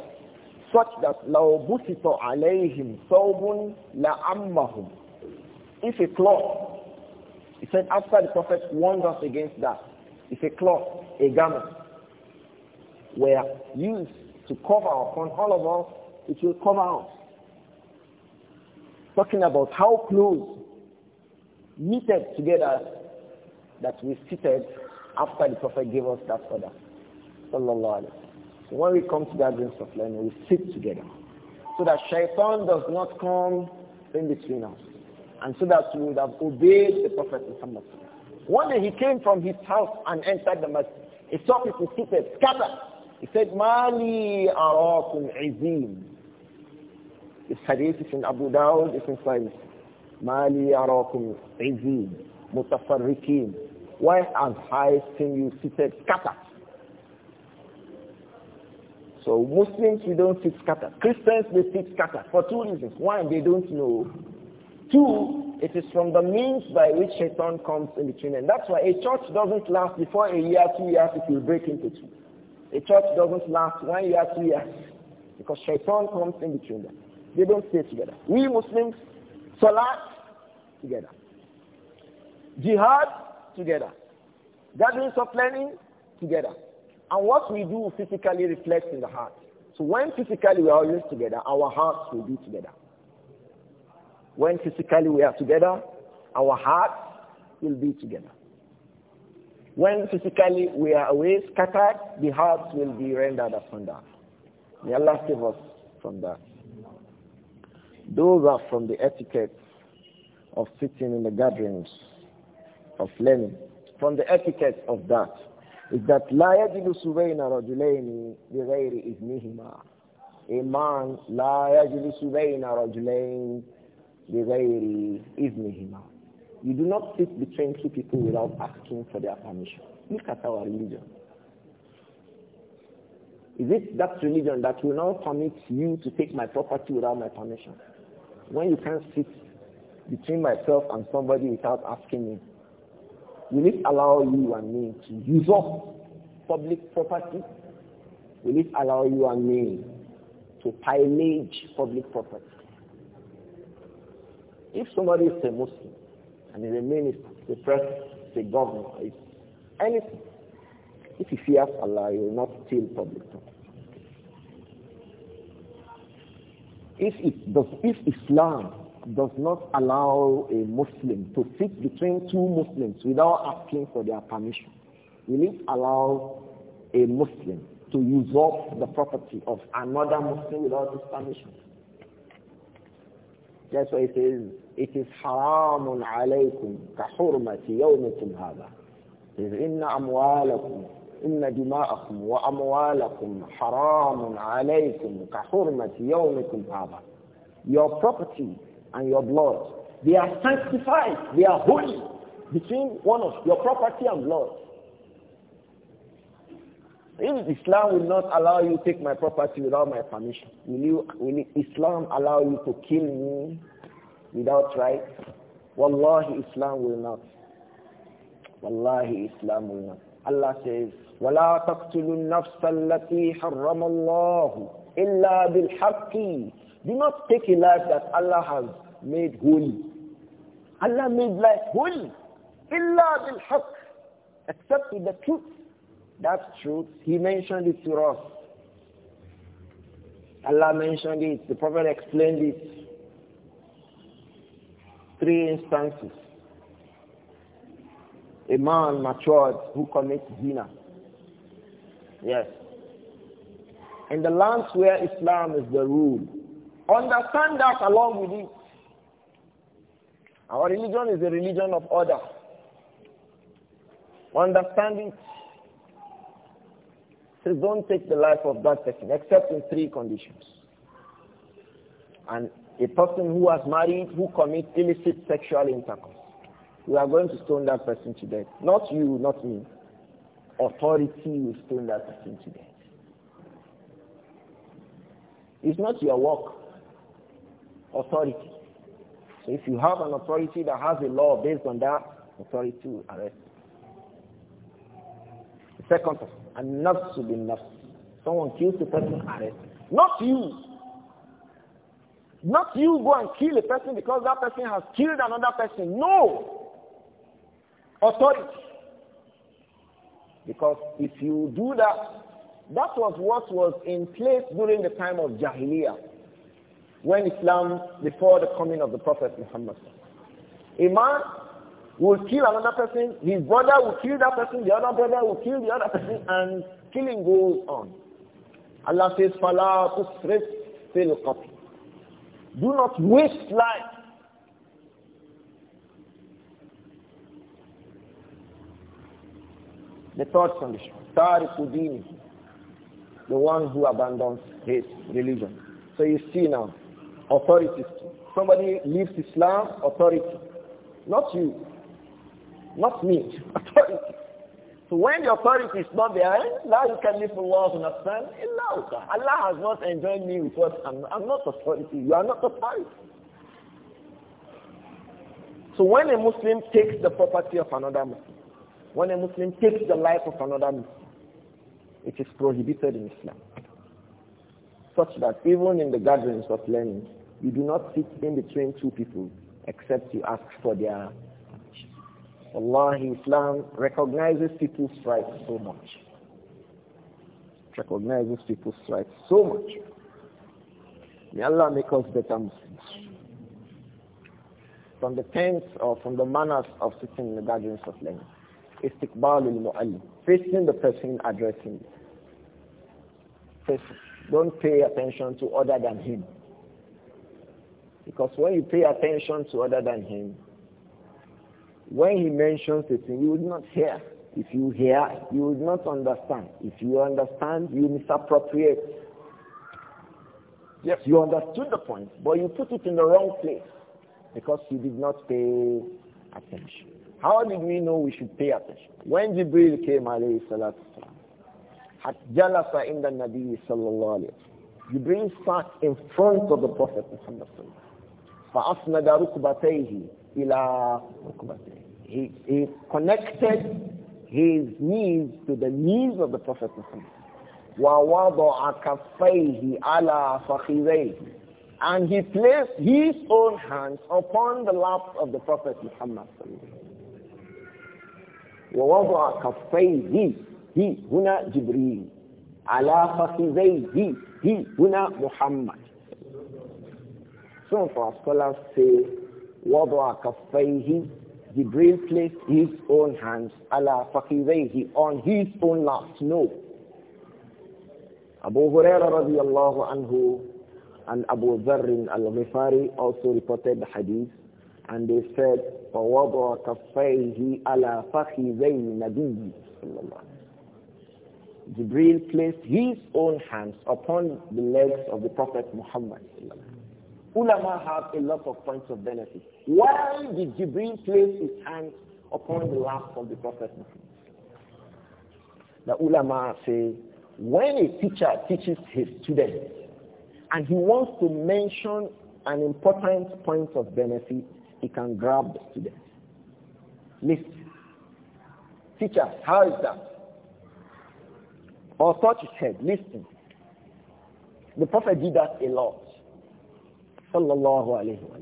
such that لَوْ بُسِطَ عَلَيْهِمْ ثَوْبٌ لَأَمَّهُمْ If a cloth he said, after the Prophet warned us against that, it's a cloth, a garment, were used to cover upon all of us, it will cover us. Talking about how close, knitted together, that we seated after the Prophet gave us that order. Sallallahu alayhi so when we come to gatherings of learning, we sit together. So that shaitan does not come in between us and so that we would have obeyed the Prophet Muhammad. One day he came from his house and entered the masjid. He saw people seated, scattered. He said, Mali arakum izim. This hadith is in Abu Dawud, it's in Sahih. Mali arakum izim, mutafarrikin. Why have I seen you seated, scattered? So Muslims, we don't sit scattered. Christians, they sit scattered for two reasons. One, they don't know Two, it is from the means by which shaitan comes in between. And that's why a church doesn't last before a year, two years, it will break into two. A church doesn't last one year, two years, because shaitan comes in between them. They don't stay together. We Muslims, salat, together. Jihad, together. Gatherings of learning, together. And what we do physically reflects in the heart. So when physically we are always together, our hearts will be together. When physically we are together, our hearts will be together. When physically we are away scattered, the hearts will be rendered asunder. May Allah save us from that. Those are from the etiquette of sitting in the gatherings of learning. From the etiquette of that is that لا يجلس بين رجلين بغير إذنهما. A man la يجلس بين رجلين you do not sit between two people without asking for their permission. Look at our religion. Is it that religion that will now permit you to take my property without my permission? When you can't sit between myself and somebody without asking me, will it allow you and me to use up public property? Will it allow you and me to pillage public property? If somebody is a Muslim and is a minister, the president, the governor, is anything, if he fears Allah, he will not steal public property. If, it does, if Islam does not allow a Muslim to sit between two Muslims without asking for their permission, will it allow a Muslim to usurp the property of another Muslim without his permission? That's why it says it is حرام عليكم كحرمة يومكم هذا إذ إن أموالكم إن دماءكم وأموالكم حرام عليكم كحرمة يومكم هذا Your property and your blood they are sanctified they are holy between one of your property and blood If Islam will not allow you to take my property without my permission, will, you, will Islam allow you to kill me without right, wallahi Islam will not. Wallahi Islam will not. Allah says, وَلَا تَقْتُلُوا النَّفْسَ الَّتِي حَرَّمَ اللَّهُ إِلَّا بِالْحَقِّ Do not take a life that Allah has made holy. Allah made life holy. إِلَّا بِالْحَقِّ Except with the truth. That's truth, He mentioned it to us. Allah mentioned it. The Prophet explained it. Three instances. A man matured who commits zina. Yes. In the lands where Islam is the rule, understand that along with it. Our religion is a religion of order. Understand it. So don't take the life of that person except in three conditions. And a person who has married, who commits illicit sexual intercourse. We are going to stone that person to death. Not you, not me. Authority will stone that person to death. It's not your work. Authority. So if you have an authority that has a law based on that, authority will arrest Second, a nafs be nafs. Someone kills the person, arrest. Not you. Not you go and kill a person because that person has killed another person. No! Authority. Because if you do that, that was what was in place during the time of Jahiliyyah, when Islam, before the coming of the Prophet Muhammad. A man will kill another person, his brother will kill that person, the other brother will kill the other person, and killing goes on. Allah says, فَلَا تُسْرِفْ فِي الْقَتْلِ do not waste life. The third condition, Tariqudini, the one who abandons his religion. So you see now, authorities. Somebody leaves Islam, authority. Not you, not me, [laughs] authority. So when the authority is not there, now eh, you can live for Allah and Afghan. Allah has not enjoined me with what I'm, I'm not authority. You are not authority. So when a Muslim takes the property of another Muslim, when a Muslim takes the life of another Muslim, it is prohibited in Islam. Such that even in the gatherings of learning, you do not sit in between two people except you ask for their Allah, Islam recognizes people's rights so much. It recognizes people's rights so much. May Allah make us better Muslims. From the tents or from the manners of sitting in the gardens of learning. Istiqbalul mu'allim. Facing the person addressing. Don't pay attention to other than him. Because when you pay attention to other than him, when he mentions a thing, you would not hear. If you hear, you would not understand. If you understand, you misappropriate. Yes, you understood the point, but you put it in the wrong place because you did not pay attention. How did we know we should pay attention? When Jibril came, alayhi salatu jalasa inda nabi sallallahu alayhi Jibril sat in front of the Prophet Muhammad sallallahu alayhi wa sallam. فَأَسْنَدَ رُكْبَتَيْهِ إِلَىٰ رُكْبَتَيْهِ he, he connected his knees to the knees of the Prophet Muhammad. وَوَضَعَ كَفَّيْهِ عَلَى فَخِذَيْهِ And he placed his own hands upon the lap of the Prophet Muhammad. وَوَضَعَ كَفَّيْهِ He, هنا جبريل على فخذيه He, هنا Muhammad. Some of our scholars say وَضَعَ كَفَّيْهِ Jibril placed his own hands ala faqibayhi on his own laps. No. Abu Huraira radiallahu anhu and Abu Dharr al-Ghifari also reported the hadith and they said فَوَضَى كَفَّيْهِ عَلَى فَخِذَيْ نَبِيِّ Jibril placed his own hands upon the legs of the Prophet Muhammad Ulama have a lot of points of benefit. Why did Jibril place his hand upon the lap of the Prophet The ulama say, when a teacher teaches his students and he wants to mention an important point of benefit, he can grab the student. Listen. Teacher, how is that? Or touch his head, listen. The Prophet did that a lot. Sallallahu alayhi wa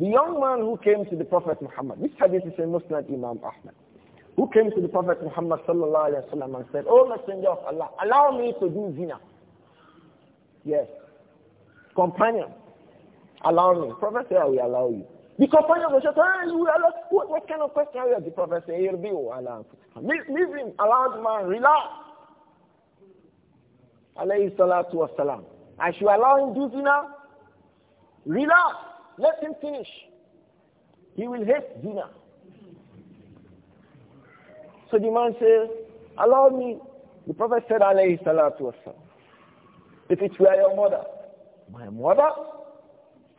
The young man who came to the Prophet Muhammad, this hadith is from Muslim Imam Ahmad, who came to the Prophet Muhammad sallallahu alayhi wa and said, Oh Messenger of Allah, allow me to do zina. Yes. Companion, allow me. Prophet said, I will allow you. The companion was just, "Hey, ah, you will allow, what, what kind of question are you? The Prophet said, Here be, allow leave, leave him, allow the man, relax. Alayhi salatu wasalam. I should allow him do zina? Relax. Let him finish. He will hate dinner. So the man says, allow me. The Prophet said, alayhi salatu wasalam, if it were your mother, my mother,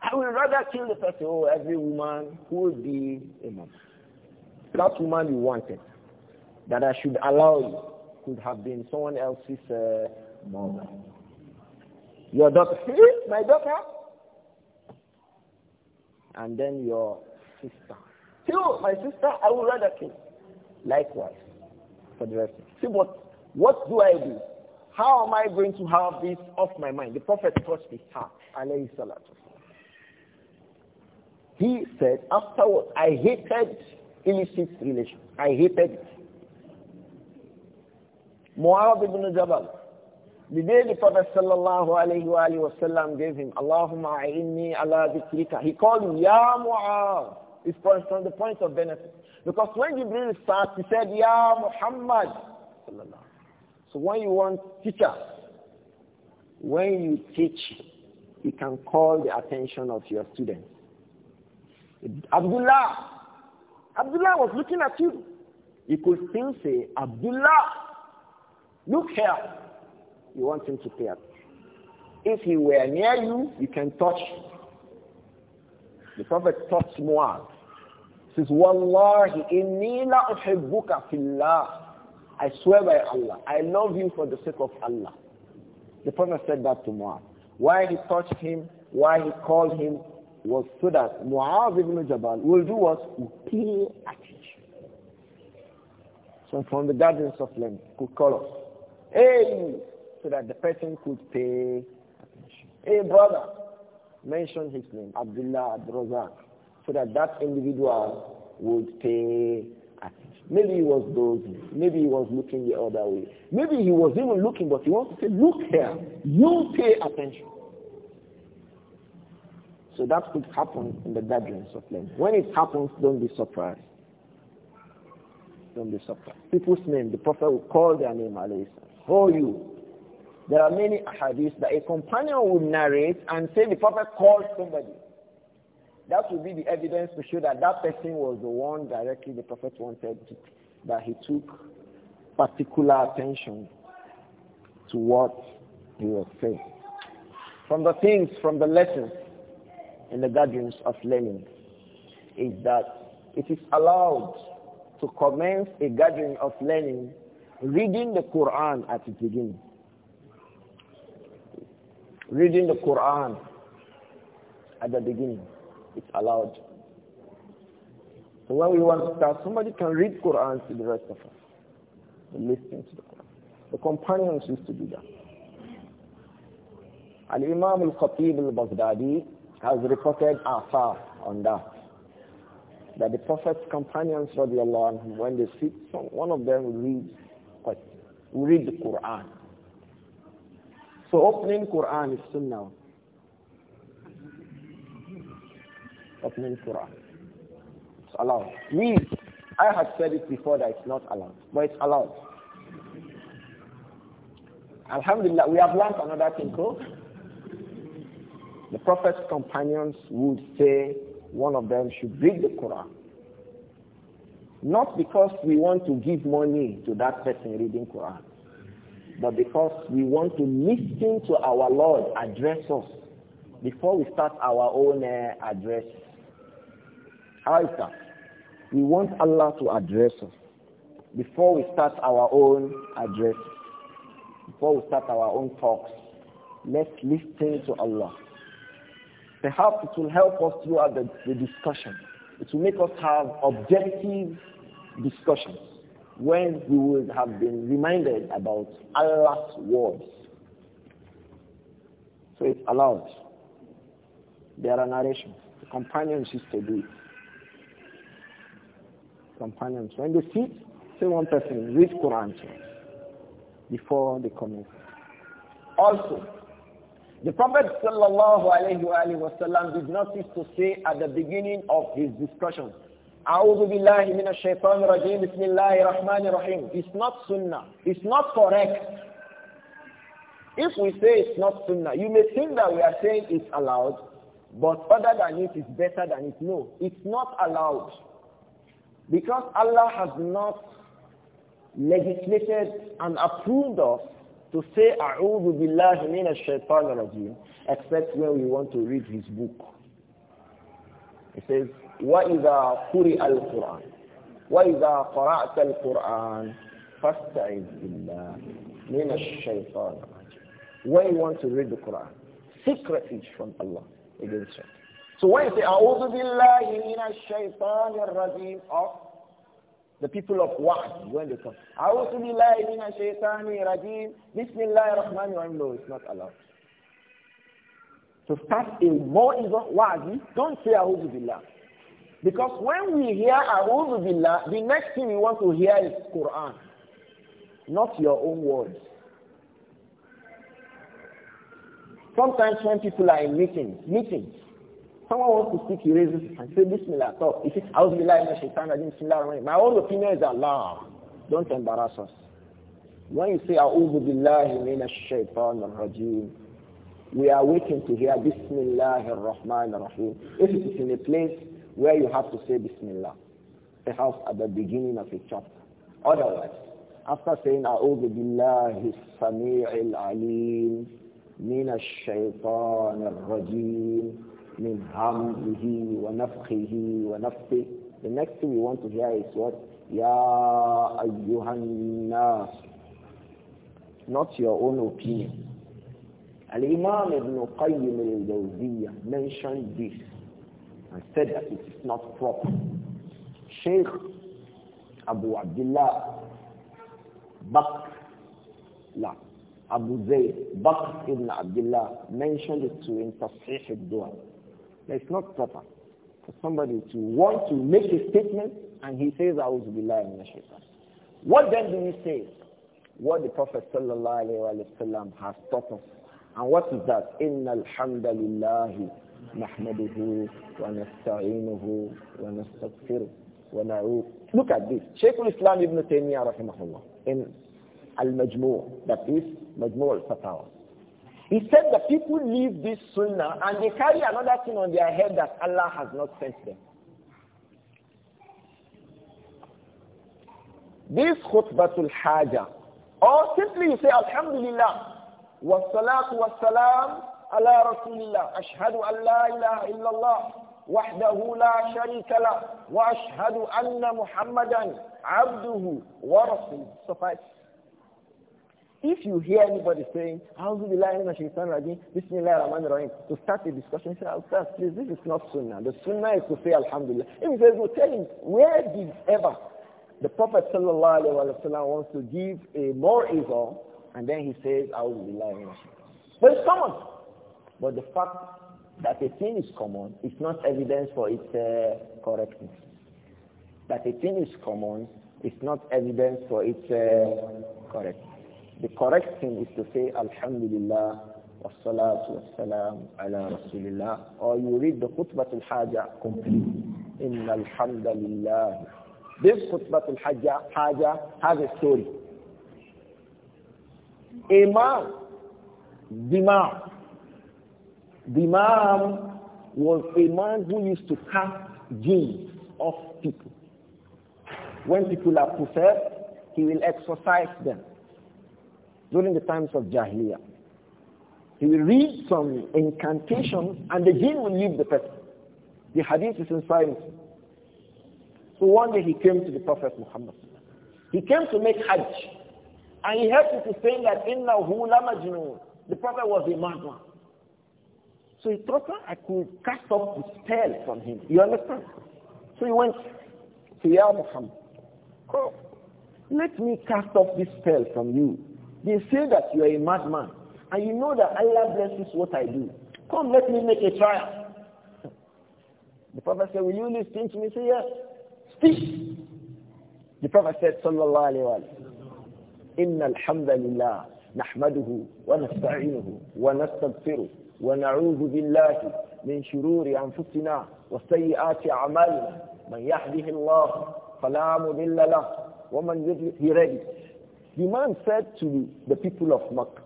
I would rather kill the person. Oh, every woman who would be a mother. That woman you wanted, that I should allow you, could have been someone else's uh, mother. Your daughter, [laughs] my daughter, and then your sister. See, oh, my sister, I would rather kill. Likewise, for the rest. See, but what do I do? How am I going to have this off my mind? The Prophet touched his heart, alayhi salatu. He said, afterwards, I hated illicit relations. I hated it. Muawab ibn Jabal, the day the Prophet sallallahu alayhi wa alayhi wa sallam gave him, Allahumma a'inni ala dhikrika. He called him, Ya Mu'az. It's from the point of benefit. Because when Jibril starts, he said, Ya Muhammad. So when you want teacher, when you teach, you can call the attention of your students. Abdullah. Abdullah was looking at you. You could still say, Abdullah, look here you want him to pay up. If he were near you, you can touch. The Prophet touched Muaz. He says, Wallahi, inni la uhibbuka fillah. I swear by Allah, I love you for the sake of Allah. The Prophet said that to Muaz. Why he touched him, why he called him, was so that Muaz ibn Jabal will do what? Will pay attention. So from the gardens of land, could call us. Hey, so that the person could pay. A brother mentioned his name, Abdullah Abdurrazak, so that that individual would pay. Maybe he was dozing. Maybe he was looking the other way. Maybe he was even looking, but he wants to say, look here, you pay attention. So that could happen in the gatherings of men. When it happens, don't be surprised. Don't be surprised. People's name, the prophet will call their name, alayhi Oh, you. There are many hadiths that a companion would narrate and say the Prophet called somebody. That would be the evidence to show that that person was the one directly the Prophet wanted, to, that he took particular attention to what he was saying. From the things, from the lessons in the gatherings of learning is that it is allowed to commence a gathering of learning reading the Quran at the beginning. Reading the Quran at the beginning, it's allowed. So when we want to start, somebody can read Quran to the rest of us. Listening to the Quran. The companions used to do that. Al-Imam al-Khatib al-Baghdadi has reported afar on that. That the Prophet's companions, radiallahu anhum, when they sit, one of them reads, read the Quran. So opening Quran is Sunnah. Opening Quran. It's allowed. We, I had said it before that it's not allowed, but it's allowed. Alhamdulillah, we have learned another thing too. The Prophet's companions would say one of them should read the Quran. Not because we want to give money to that person reading Quran but because we want to listen to our Lord address us before we start our own uh, address. How is that? We want Allah to address us before we start our own address, before we start our own talks. Let's listen to Allah. Perhaps it will help us throughout the, the discussion. It will make us have objective discussions when he would have been reminded about Allah's words. So it's allowed. There are narrations. The companions used to do it. Companions, when they sit, say one person, read Quran to us before they come Also, the Prophet sallallahu alaihi wasallam did not cease to say at the beginning of his discussions, A'udhu billahi minash shaitanir rajim. Bismillahir rahmanir rahim. It's not sunnah. It's not correct. If we say it's not sunnah, you may think that we are saying it's allowed, but other than it is better than it. No, it's not allowed. Because Allah has not legislated and approved of to say A'udhu billahi minash shaitanir rajim except when we want to read his book. It says وَإِذَا قُرِئَ الْقُرْآنِ وَإِذَا قَرَأْتَ الْقُرْآنِ فَاسْتَعِذْ بِاللَّهِ مِنَ الشَّيْطَانِ When you want to read the Quran, seek refuge from Allah against it. So when you say, أَعُوذُ بِاللَّهِ مِنَ الشَّيْطَانِ الرَّجِيمِ of the people of Wa'ad when they come. أَعُوذُ بِاللَّهِ مِنَ الشَّيْطَانِ الرَّجِيمِ بِسْمِ اللَّهِ الرَّحْمَنِ الرَّحِيمِ No, it's not allowed. So start a more even wa'azi. Don't say A'udhu Billah. Because when we hear A'udhu Billah, the next thing we want to hear is Quran, not your own words. Sometimes when people are in meetings, meetings, someone wants to speak, he raises his hand, say Bismillah, talk. If it's A'udhu Billah, Bismillah, my own opinion is Allah. Don't embarrass us. When you say A'udhu Billahi Minash Shaitan Rajim, we are waiting to hear Bismillah Rahman Rahim. If it is in a place where you have to say Bismillah, perhaps at the beginning of a chapter. Otherwise, after saying أعوذ بالله السميع العليم من الشيطان الرجيم من همزه ونفخه ونفخه The next thing we want to hear is what? Ya أيها Not your own opinion. Al-Imam Ibn Qayyim al-Jawziyah mentioned this I said that it is not proper. Sheikh Abu Abdullah Bakr Abu Zayd Bakr ibn Abdullah mentioned it to in Tafsir al-Dua. It's not proper for somebody to want to make a statement and he says, I was Billah the shaitan. What then do you say? What the Prophet sallallahu alayhi wa sallam has taught us. And what is that? Inna alhamdulillahi نحمده ونستعينه ونستغفره ونعوذ Look at this. شيخ الإسلام islam ibn Taymiyyah الله in al that is مجموع al He said that people leave this sunnah and they carry another thing on their head that Allah has not sent them. This khutbatul haja or simply you say Alhamdulillah wa salatu wa salam على رسول الله أشهد أن لا إله إلا الله وحده لا شريك له وأشهد أن محمدا عبده ورسوله suffice If you hear anybody saying, A'udhu billahi minash shaitan rajim, Bismillahir Rahmanir Rahim, to start the discussion, say, Ustaz, oh, please, this is not sunnah. The sunnah is to say Alhamdulillah. If he says, no, tell him, where did ever the Prophet sallallahu alayhi wa sallam wants to give a more evil, and then he says, A'udhu billahi minash shaitan. But it's common. But the fact that a thing is common is not evidence for its uh, correctness. That a thing is common is not evidence for its uh, correctness. The correct thing is to say, Alhamdulillah, wassalatu wassalam ala rasulillah. Or you read the khutbah al-hajjah complete. Inna alhamdulillah. This khutbah al-hajjah haja, has a story. Imam, man, the Imam was a man who used to cast jinns off people. When people are possessed, he will exorcise them during the times of Jahiliyyah. He will read some incantations and the jinn will leave the person. The hadith is in science. So one day he came to the Prophet Muhammad. He came to make Hajj. And he had to say that, إِنَّهُ لَمَجْنُونَ The Prophet was a madman. So he thought that ah, I could cast off the spell from him. You understand? So he went to Ya Muhammad. Oh, let me cast off this spell from you. They say that you are a madman. And you know that Allah blesses what I do. Come, let me make a trial. [laughs] The Prophet said, will you listen to me? Say, yes. Speak. The Prophet said, sallallahu alayhi wa sallam, إِنَّ الْحَمْدَ لِلَّهِ نَحْمَدُهُ وَنَسْتَعِينُهُ وَنَسْتَغْفِرُهُ ونعوذ بالله من شرور أنفسنا وسيئات أعمالنا من يهده الله فلا مضل له ومن يضلل he read it the man said to the people of Makkah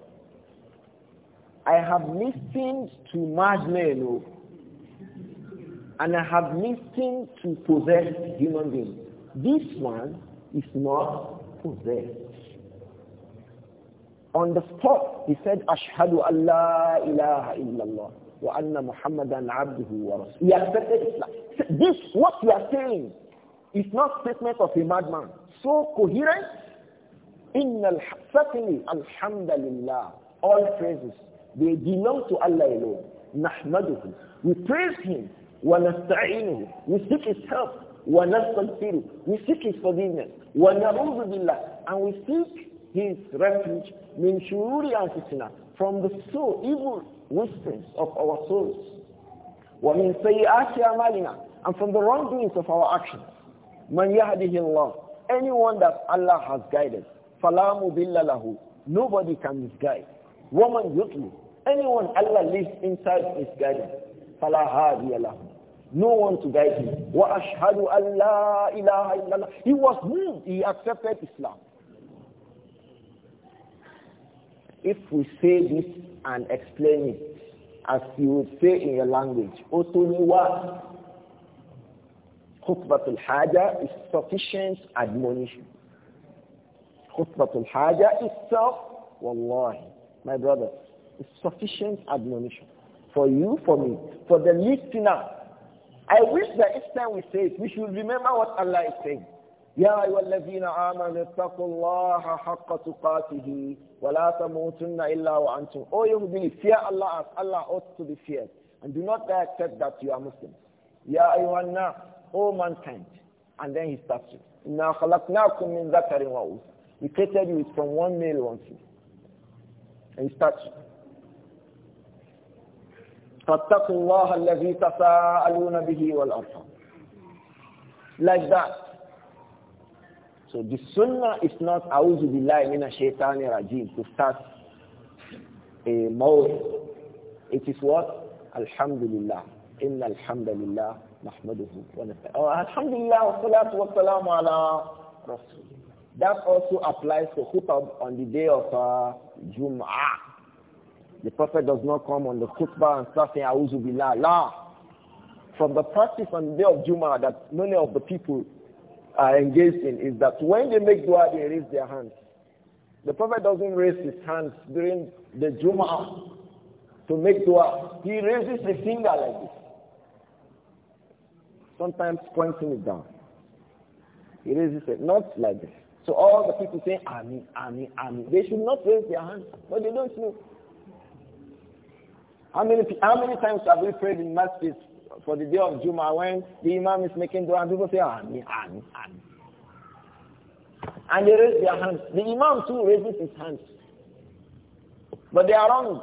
I have listened to madmen oh, and I have listened to possessed human beings this one is not possessed on the spot, he said, Ashhadu Allah ilaha illallah wa anna Muhammadan abduhu wa rasul. He accepted Islam. This, what you are saying, is not statement of a madman. So coherent. Inna certainly, alhamdulillah, all praises, they belong to Allah alone. Nahmaduhu. We praise Him. وَنَسْتَعِينُهُ We seek His help. وَنَسْتَغْفِرُهُ We seek His forgiveness. وَنَعُوذُ بِاللَّهِ And we seek his refuge means shururi anfusina from the soul evil whispers of our souls wa min sayyiati a'malina and from the wrongdoings of our actions man yahdihi Allah anyone that Allah has guided fala mudilla lahu nobody can misguide woman yutlu anyone Allah leaves inside his guidance fala hadiya lahu no one to guide him wa ashhadu an la ilaha illallah he was moved he accepted islam If we say this and explain it, as you would say in your language, Otoniwa, Khutbatul Haja is sufficient admonition. Khutbatul Haja itself, wallahi, my brother, is sufficient admonition for you, for me, for the listener. I wish that each time we say it, we should remember what Allah is saying. يا أيها الذين آمنوا اتقوا الله حق تقاته Wala وَلَا illa wa antum. O you who believe, fear Allah as Allah ought to be feared. And do not die except that you are Muslim. Ya ayyuhanna, O mankind. And then he starts it. إِنَّا خَلَقْنَاكُمْ مِنْ wa وَأُنْثَى He created you from one male, one female. And he starts it. فَاتَّقُوا اللَّهَ الَّذِي تَسَاءَلُونَ بِهِ وَالْأَرْحَمُ Like that. So the sunnah is not auzu بالله mina shaitanir rajim to start a mawlid. It is what? Alhamdulillah. Inna alhamdulillah لله نحمده ونستعينه Alhamdulillah والصلاة والسلام على رسول That also applies to khutbah on the day of uh, Jum'ah. The Prophet does not come on the khutbah and start saying, A'udhu Billah, la. From the practice on the day of Jum'ah that many of the people are engaged in is that when they make dua, they raise their hands. The Prophet doesn't raise his hands during the Jum'ah to make dua. He raises a finger like this. Sometimes pointing it down. He raises it, not like this. So all the people saying, Ami, Ami, Ami. They should not raise their hands, but they don't know. How many, how many times have we prayed in masjid for the day of Juma when the Imam is making dua and people say, Amin, ah, Amin, ah, Amin. Ah, and they raise their hands. The Imam too raises his hands. But they are wrong.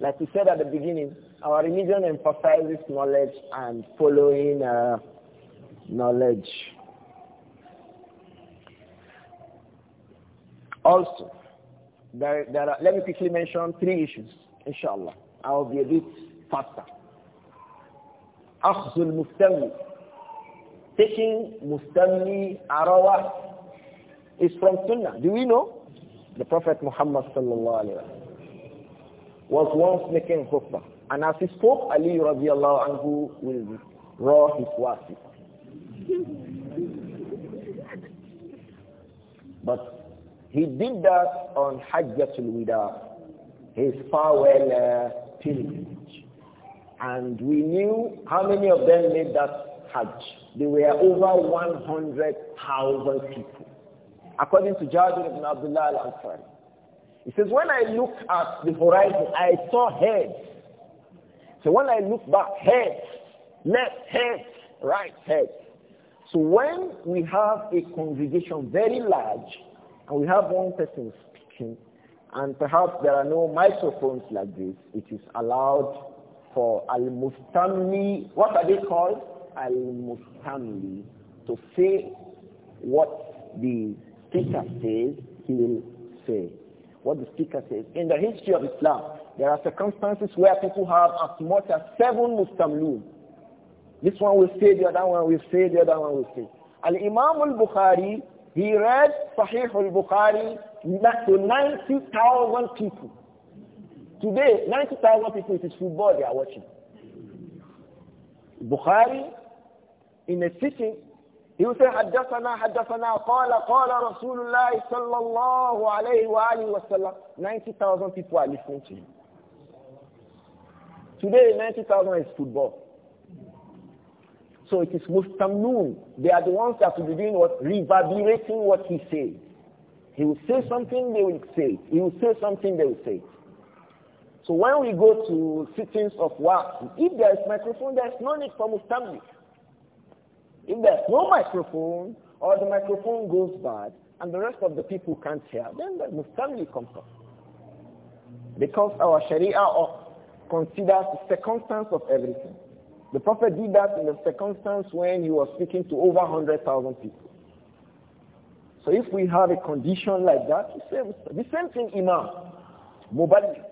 Like we said at the beginning, our religion emphasizes knowledge and following uh, knowledge. Also, there, there are, let me quickly mention three issues, inshallah. I will be a bit faster. Akhzul Mustawi. Taking Mustawi Arawa is from Sunnah. Do we know? The Prophet Muhammad الله عليه وسلم was once making khutbah. And as he spoke, Ali radiallahu anhu will roar his wasi. [laughs] but he did that on Hajjatul Wida, his farewell uh, pilgrimage. And we knew how many of them made that Hajj. There were over 100,000 people, according to Jabir ibn Abdullah al-Ansari. He says, when I looked at the horizon, I saw heads. So when I looked back, heads, left heads, right heads. So when we have a congregation very large, and we have one person speaking, and perhaps there are no microphones like this, it is allowed for al-mustamli. What are they called? Al-mustamli. To say what the speaker says, he will say. What the speaker says. In the history of Islam, there are circumstances where people have as much as seven mustamlun. This one will say, the other one will say, the other one will say. Al-Imam al-Bukhari, he read Sahih al-Bukhari to 90,000 people. Today, 90,000 people, it is football they are watching. Bukhari, in a sitting, he will say, حدثنا حدثنا قال قال رسول الله صلى الله عليه وآله وسلم 90,000 people are listening to him. Today, 90,000 is football. So it is mustamnoon. They are the ones that will be doing what? Reverberating what he says. He will say something, they will say it. He will say something, they will say it. So when we go to sittings of work, if there is microphone, there is no need for Mustamli. If there is no microphone, or the microphone goes bad, and the rest of the people can't hear, then the Mustamli comes up. Because our Sharia considers the circumstance of everything. The Prophet did that in the circumstance when he was speaking to over 100,000 people. So if we have a condition like that, the same, the same thing Imam, mobile.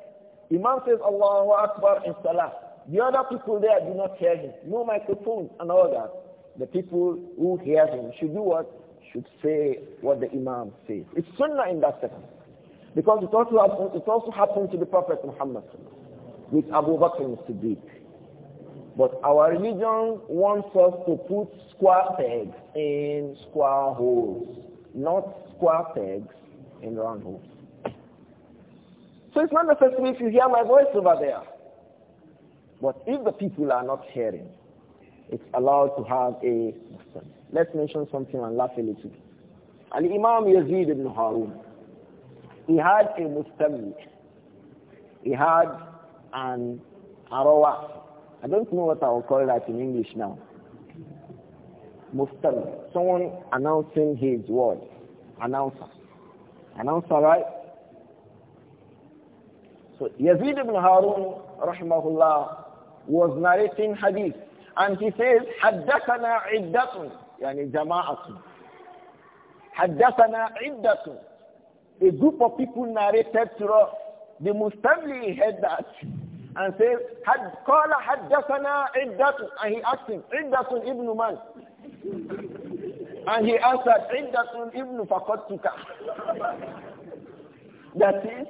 Imam says Allahu Akbar in Salah. The other people there do not hear him. No microphones and all that. The people who hear him should do what? Should say what the Imam says. It's sunnah in that second. Because it also happened, it also happened to the Prophet Muhammad with Abu Bakr and Siddiq. But our religion wants us to put square pegs in square holes, not square pegs in round holes. So it's not necessary if you hear my voice over there. But if the people are not hearing, it's allowed to have a Let's mention something and laugh a little. bit. And Imam Yazid ibn Harun, he had a mustamid. He had an arawa. I don't know what I will call that in English now. Mustamid. Someone announcing his word. Announcer. Announcer, right? So Yazid ibn Harun, rahimahullah, was narrating hadith. And he says, حدثنا عدة يعني جماعة حدثنا عدة A group of people narrated to us. The Mustamli heard that and says, had, قال حدثنا عدة and he asked him, عدة ibn مَنْ and he answered, عدة ibn فقدتك. that is,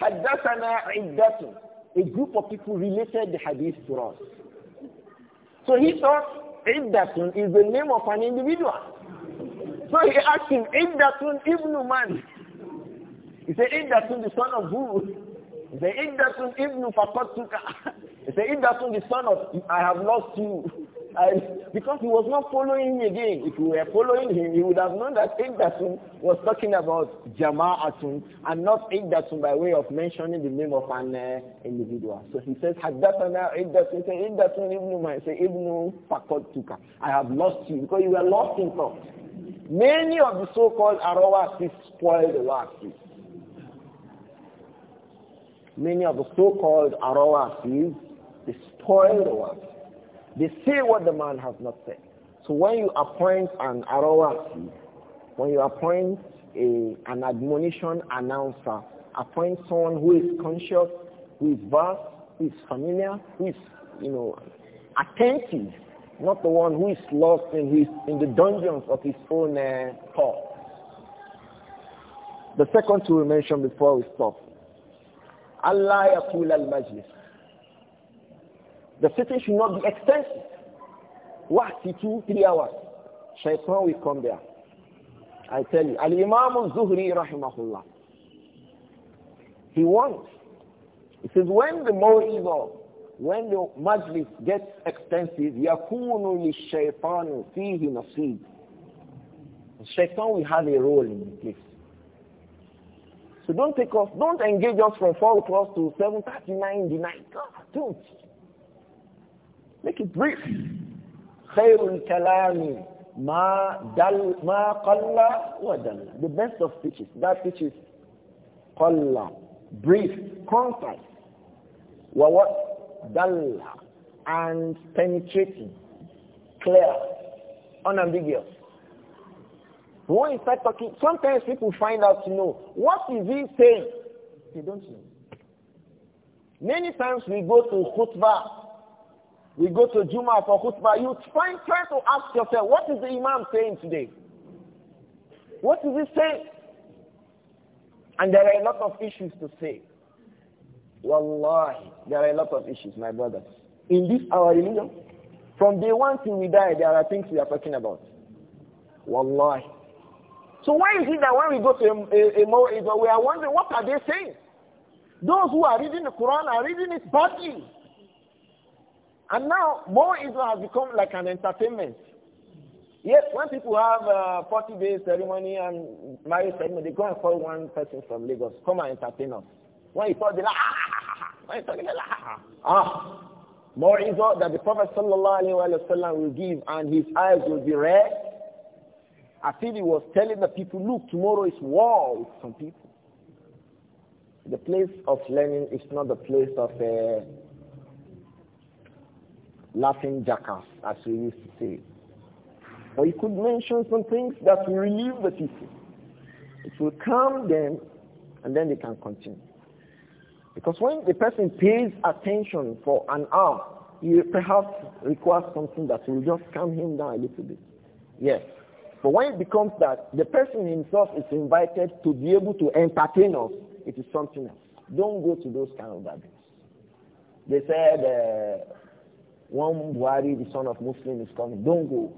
حدثنا عدة a group of people related the hadith to us. So he thought Iddatun is the name of an individual. So he asked him, Iddatun ibn Man. He said, Iddatun the son of who? He said, Iddatun ibn Fakatuka. He said, Iddatun the son of, I have lost you. I, because he was not following me again. If you were following him, you would have known that Iqdatun was talking about Jama'atun and not Iqdatun by way of mentioning the name of an uh, individual. So he says, Haddathana Iqdatun, say Iqdatun Ibn Man, say Ibn Fakot I have lost you because you were lost in thought. Many of the so-called Arawasis spoiled the Wasis. Many of the so-called Arawasis, they spoil the Wasis. They say what the man has not said. So when you appoint an arawasi, when you appoint a, an admonition announcer, appoint someone who is conscious, who is vast, who is familiar, who is, you know, attentive, not the one who is lost in, his, in the dungeons of his own uh, thought. The second to we mentioned before we stop. Allah yakul al-majlis. The sitting should not be extensive. What, two, three hours. Shaitan will come there. I tell you. Al-Imam zuhri rahimahullah. He wants. He says, when the maw'idah, when the majlis gets extensive, يَكُونُ لِلشَّيْطَانِ فِيهِ نَصِيبٌ Shaitan will have a role in the place. So don't take us, don't engage us from 4 o'clock to 7.39 in the night. God, ah, don't. Make it brief. Khairul kalami ma dal ma qalla wa dal. The best of speeches, that speech is qalla, brief, concise. Wa what dalla and penetrating, clear, unambiguous. When you start talking, sometimes people find out to know what is he saying. They don't know. Many times we go to khutbah we go to Juma for khutbah. You try, try to ask yourself, what is the Imam saying today? What is he saying? And there are a lot of issues to say. Wallahi, there are a lot of issues, my brothers. In this our religion, from day one till we die, there are things we are talking about. Wallahi. So why is it that when we go to a, a, a we are wondering, what are they saying? Those who are reading the Quran are reading it badly. And now, more Israel has become like an entertainment. Yes, when people have a uh, 40 day ceremony and marriage ceremony, they go and call one person from Lagos, come and entertain us. When he told they like, ah, when he talks, they like, ah, ah. More Israel that the Prophet sallallahu alayhi wasallam will give and his eyes will be red. I feel he was telling the people, look, tomorrow is war with some people. The place of learning is not the place of uh, laughing jackass, as we used to say. Or you could mention some things that will relieve the people. It will calm them, and then they can continue. Because when the person pays attention for an hour, he perhaps requires something that will just calm him down a little bit. Yes. But when it becomes that the person himself is invited to be able to entertain us, it is something else. Don't go to those kind of gatherings. They said uh, one Buhari, the son of Muslim, is coming. Don't go.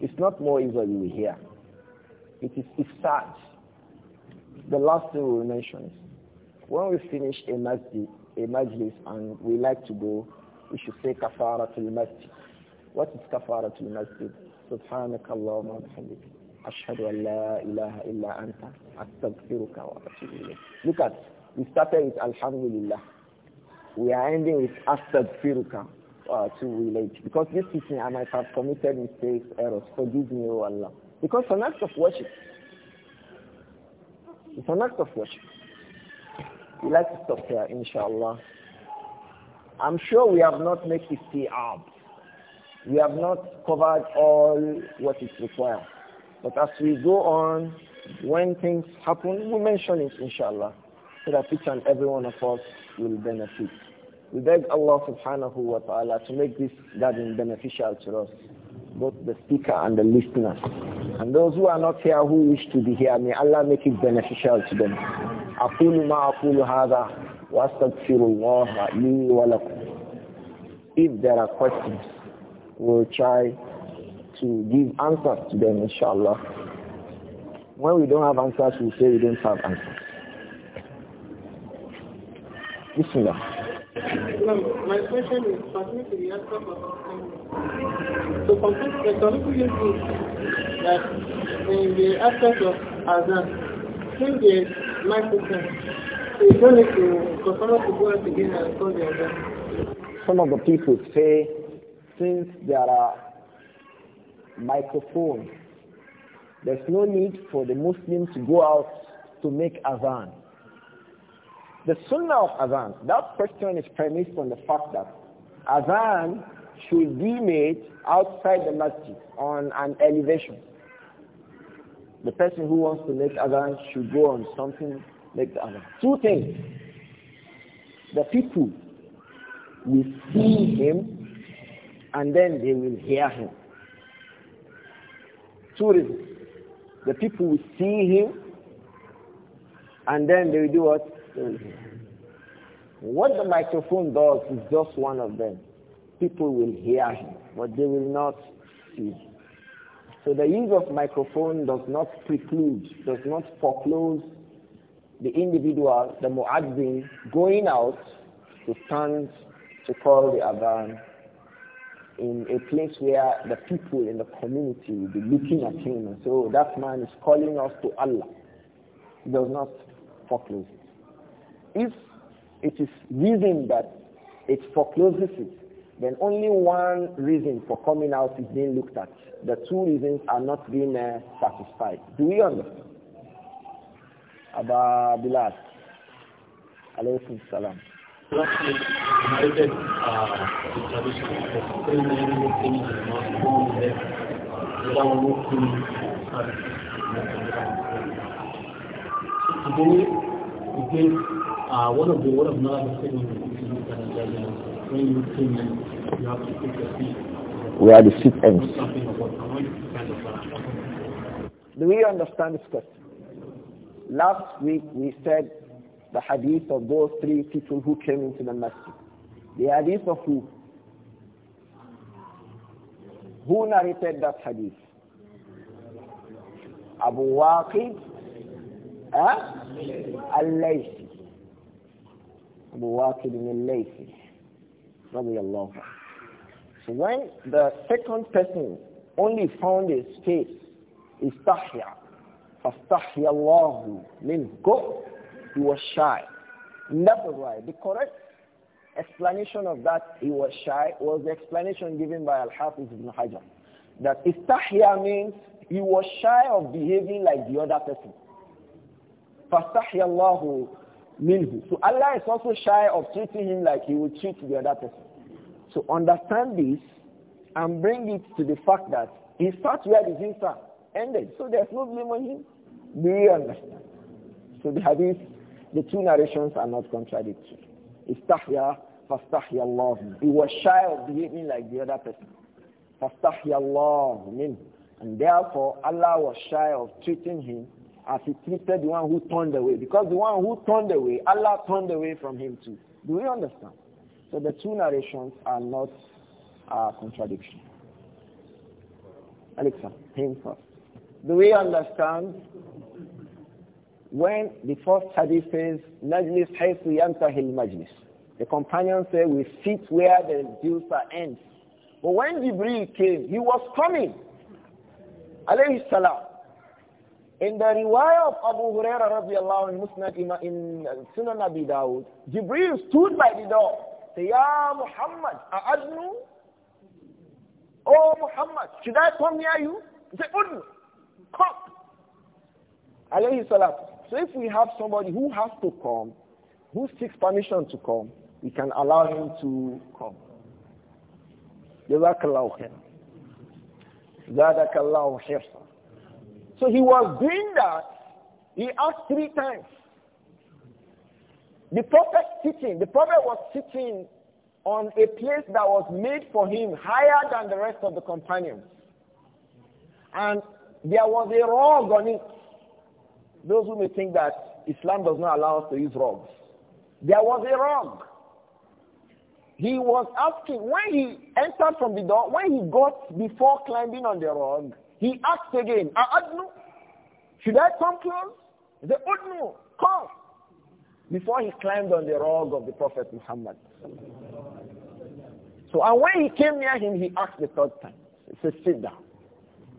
It's not more easily here. hear. It is ifsad. The last thing we mention is when we finish a masjid, a majlis and we like to go, we should say kafaratul masjid. What is kafaratul masjid? سبحانك اللهم وبحمدك أشهد أن لا إله إلا أنت أستغفرك وأتوب إليك. Look at, we started with Alhamdulillah. We are ending with astaghfiruka uh, to relate. Because this teaching, I might have committed mistakes, errors. Forgive me, O Allah. Because it's an act of worship. It's an act of worship. We like to stop here, inshallah. I'm sure we have not made it see We have not covered all what is required. But as we go on, when things happen, we mention it, inshallah, so that each and every one of us will benefit. We beg Allah subhanahu wa ta'ala to make this garden beneficial to us, both the speaker and the listeners. And those who are not here who wish to be here, may Allah make it beneficial to them. أقول ما أقول هذا وأستغفر الله لي ولكم. If there are questions, we'll try to give answers to them, inshallah. When we don't have answers, we say we don't have answers. Bismillah. No, my question is pertaining to the answer To complete the curriculum is that in the aspect of Azan, since the microphone, so you don't need to continue to go out again and call the Azan. Some of the people say, since there are microphones, there's no need for the Muslims to go out to make Azan. The sunnah of Azan, that question is premised on the fact that Azan should be made outside the masjid on an elevation. The person who wants to make Azan should go on something like the Two things. The people will see him and then they will hear him. Two reasons. The people will see him and then they will do what? What the microphone does is just one of them. People will hear him, but they will not see. So the use of microphone does not preclude, does not foreclose the individual, the muadzin going out to stand to call the adhan in a place where the people in the community will be looking at him and so oh, that man is calling us to Allah. He does not foreclose it if it is reason that it forecloses it, then only one reason for coming out is being looked at. The two reasons are not being uh, satisfied. Do we understand? Abba Bilal. Alaykum salam. Today, uh, one of the one of when you you have to pick feet. the seat ends. Uh, Do we understand this question? Last week we said the hadith of those three people who came into the masjid. The hadith of who? Who narrated that hadith? Abu Waqid huh? Eh? Al-Layth. Abu Waqid bin Laythi radiallahu So when the second person only found a space, istahya, fastahya Allahu means go, he was shy. That's why the correct explanation of that he was shy was the explanation given by Al-Hafiz ibn Hajar. That istahya means he was shy of behaving like the other person. Fastahya Allahu minhu. So Allah is also shy of treating him like he would treat the other person. So understand this and bring it to the fact that he starts where the thing start, ended. So there's no blame on him. Do you understand? So the hadith, the two narrations are not contradictory. Istahya, fastahya Allah. He was shy of behaving like the other person. Fastahya Allah minhu. And therefore Allah was shy of treating him as he treated the one who turned away. Because the one who turned away, Allah turned away from him too. Do we understand? So the two narrations are not a uh, contradiction. Alexa, him first. Do we understand? When the first hadith says, Najlis haythu yantahil majlis. The companions say, we sit where the Jusa ends. But when Jibril came, he was coming. Alayhi salam. In the riwayah of Abu Huraira radiallahu in Musnad in Sunan Abi Dawud, Jibril stood by the door. Say, Ya Muhammad, A'adnu? Oh Muhammad, should I come near you? He said, Udnu, come. Alayhi salatu. So if we have somebody who has to come, who seeks permission to come, we can allow him to come. The الله خير زادك الله so he was doing that. He asked three times. The prophet teaching, the prophet was teaching on a place that was made for him higher than the rest of the companions. And there was a rug on it. Those who may think that Islam does not allow us to use rugs. There was a rug. He was asking, when he entered from the door, when he got before climbing on the rug, he asked again, A'adnu? Should I come close? The Udnu, come. Before he climbed on the rug of the Prophet Muhammad. So and when he came near him, he asked the third time. He said, sit down.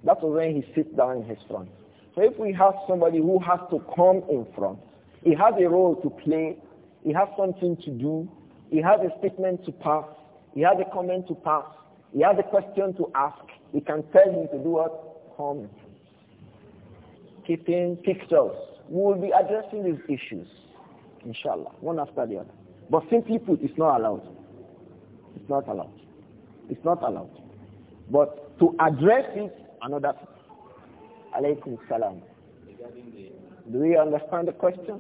That was when he sits down in his front. So if we have somebody who has to come in front, he has a role to play, he has something to do, he has a statement to pass, he has a comment to pass, he has a question to ask, he can tell him to do what? Home, keeping pictures. We will be addressing these issues, inshallah, one after the other. But simply put, it's not allowed. It's not allowed. It's not allowed. But to address it, another Alaykum salam. Do we understand the question?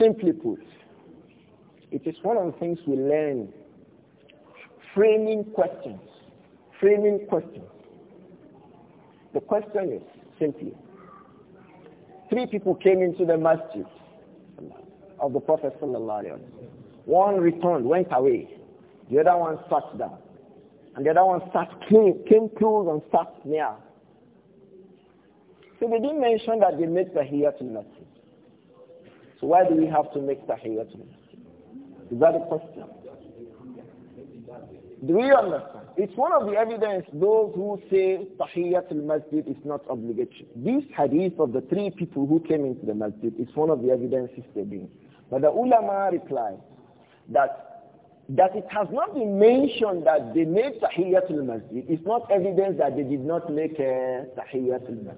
Simply put, it is one of the things we learn. Framing questions. Framing questions. The question is simply, three people came into the masjid of the Prophet One returned, went away. The other one sat down. And the other one sat came, came close and sat near. So they didn't mention that they made tahiyatul masjid. So why do we have to make tahiyatul masjid? Is that a question? Do we understand? it's one of the evidence those who say Tahiyyat al-Masjid is not obligatory. This hadith of the three people who came into the Masjid is one of the evidences they bring. But the ulama replied that that it has not been mentioned that they made Tahiyyat al-Masjid is not evidence that they did not make uh, al-Masjid.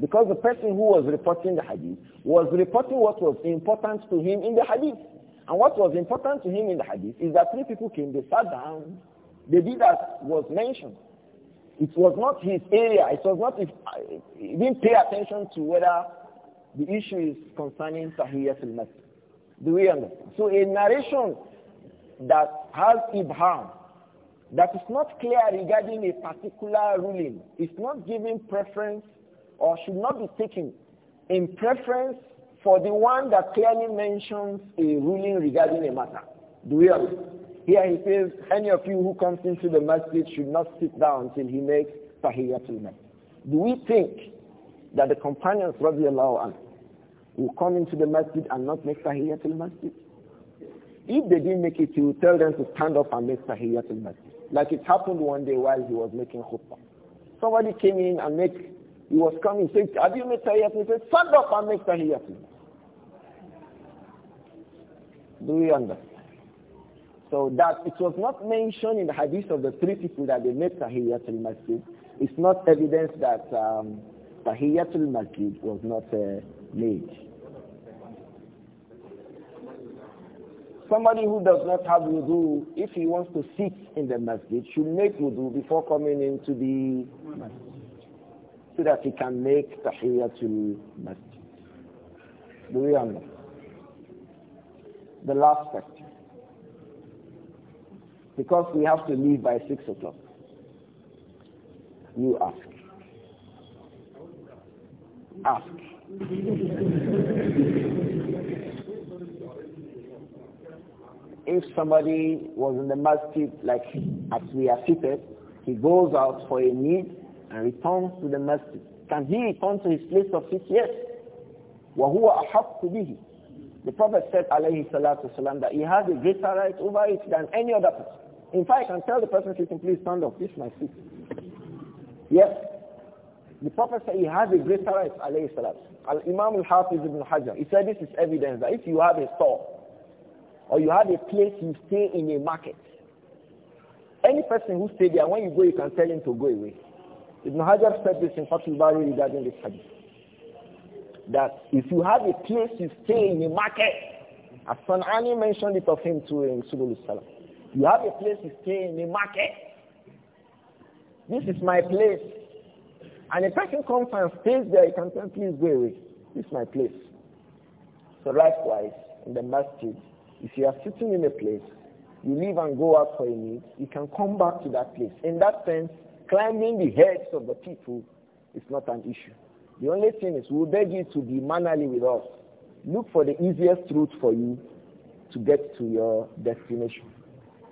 Because the person who was reporting the hadith was reporting what was important to him in the hadith. And what was important to him in the hadith is that three people came, they sat down, the that was mentioned. It was not his area. It was not, if, he didn't pay attention to whether the issue is concerning Sahih al-Masjid. Do we understand? So a narration that has Ibham, that is not clear regarding a particular ruling, is not giving preference or should not be taken in preference for the one that clearly mentions a ruling regarding a matter. Do we understand? Here he says, any of you who comes into the masjid should not sit down until he makes tahiyatul masjid. Do we think that the companions, radiallahu anhu, will come into the masjid and not make tahiyatul masjid? If they didn't make it, he would tell them to stand up and make tahiyatul masjid. Like it happened one day while he was making khutbah. Somebody came in and make, he was coming, said, have you made tahiyatul? He said, stand up and make tahiyatul. Do we understand? So that it was not mentioned in the hadith of the three people that they made Tahiyyatul Masjid, it's not evidence that um, Tahiyyatul Masjid was not uh, made. Somebody who does not have wudu, if he wants to sit in the masjid, should make wudu before coming into the masjid so that he can make Tahiyyatul Masjid. Do we understand? The last question. Because we have to leave by 6 o'clock. You ask. Ask. if somebody was in the masjid, like as we are seated, he goes out for a need and returns to the masjid. Can he return to his place of seat? Yes. وَهُوَ أَحَقُّ بِهِ The Prophet said, alayhi salam, that he has a greater right over it than any other person. In fact, I can tell the person sitting, please stand up. This is my seat. Yes. The Prophet said he has a greater right, alayhi salam. Al-Imam al-Hafiz ibn Hajar, he said this is evidence that if you have a store, or you have a place you stay in a market, any person who stay there, when you go, you can tell him to go away. Ibn Hajar said this in Fatul Bari regarding this hadith. That if you have a place you stay in a market, as Sanani mentioned it of him too in Subul Salam, you have a place to stay in the market. This is my place. And a person comes and stays there, you can tell please go away. This is my place. So likewise, in the masjid, if you are sitting in a place, you leave and go out for a need, you can come back to that place. In that sense, climbing the heads of the people is not an issue. The only thing is we beg you to be mannerly with us. Look for the easiest route for you to get to your destination.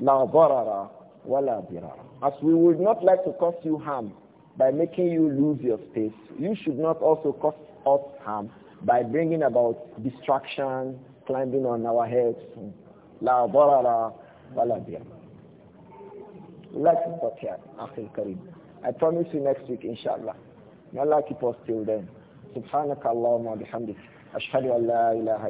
La wala birara. As we would not like to cause you harm by making you lose your space, you should not also cause us harm by bringing about destruction, climbing on our heads. La barara wala birara. Let's stop here, Akhil Karim. I promise you next week, inshallah. May Allah keep us till then. سبحانك اللهم وبحمدك أشهد أن لا إله إلا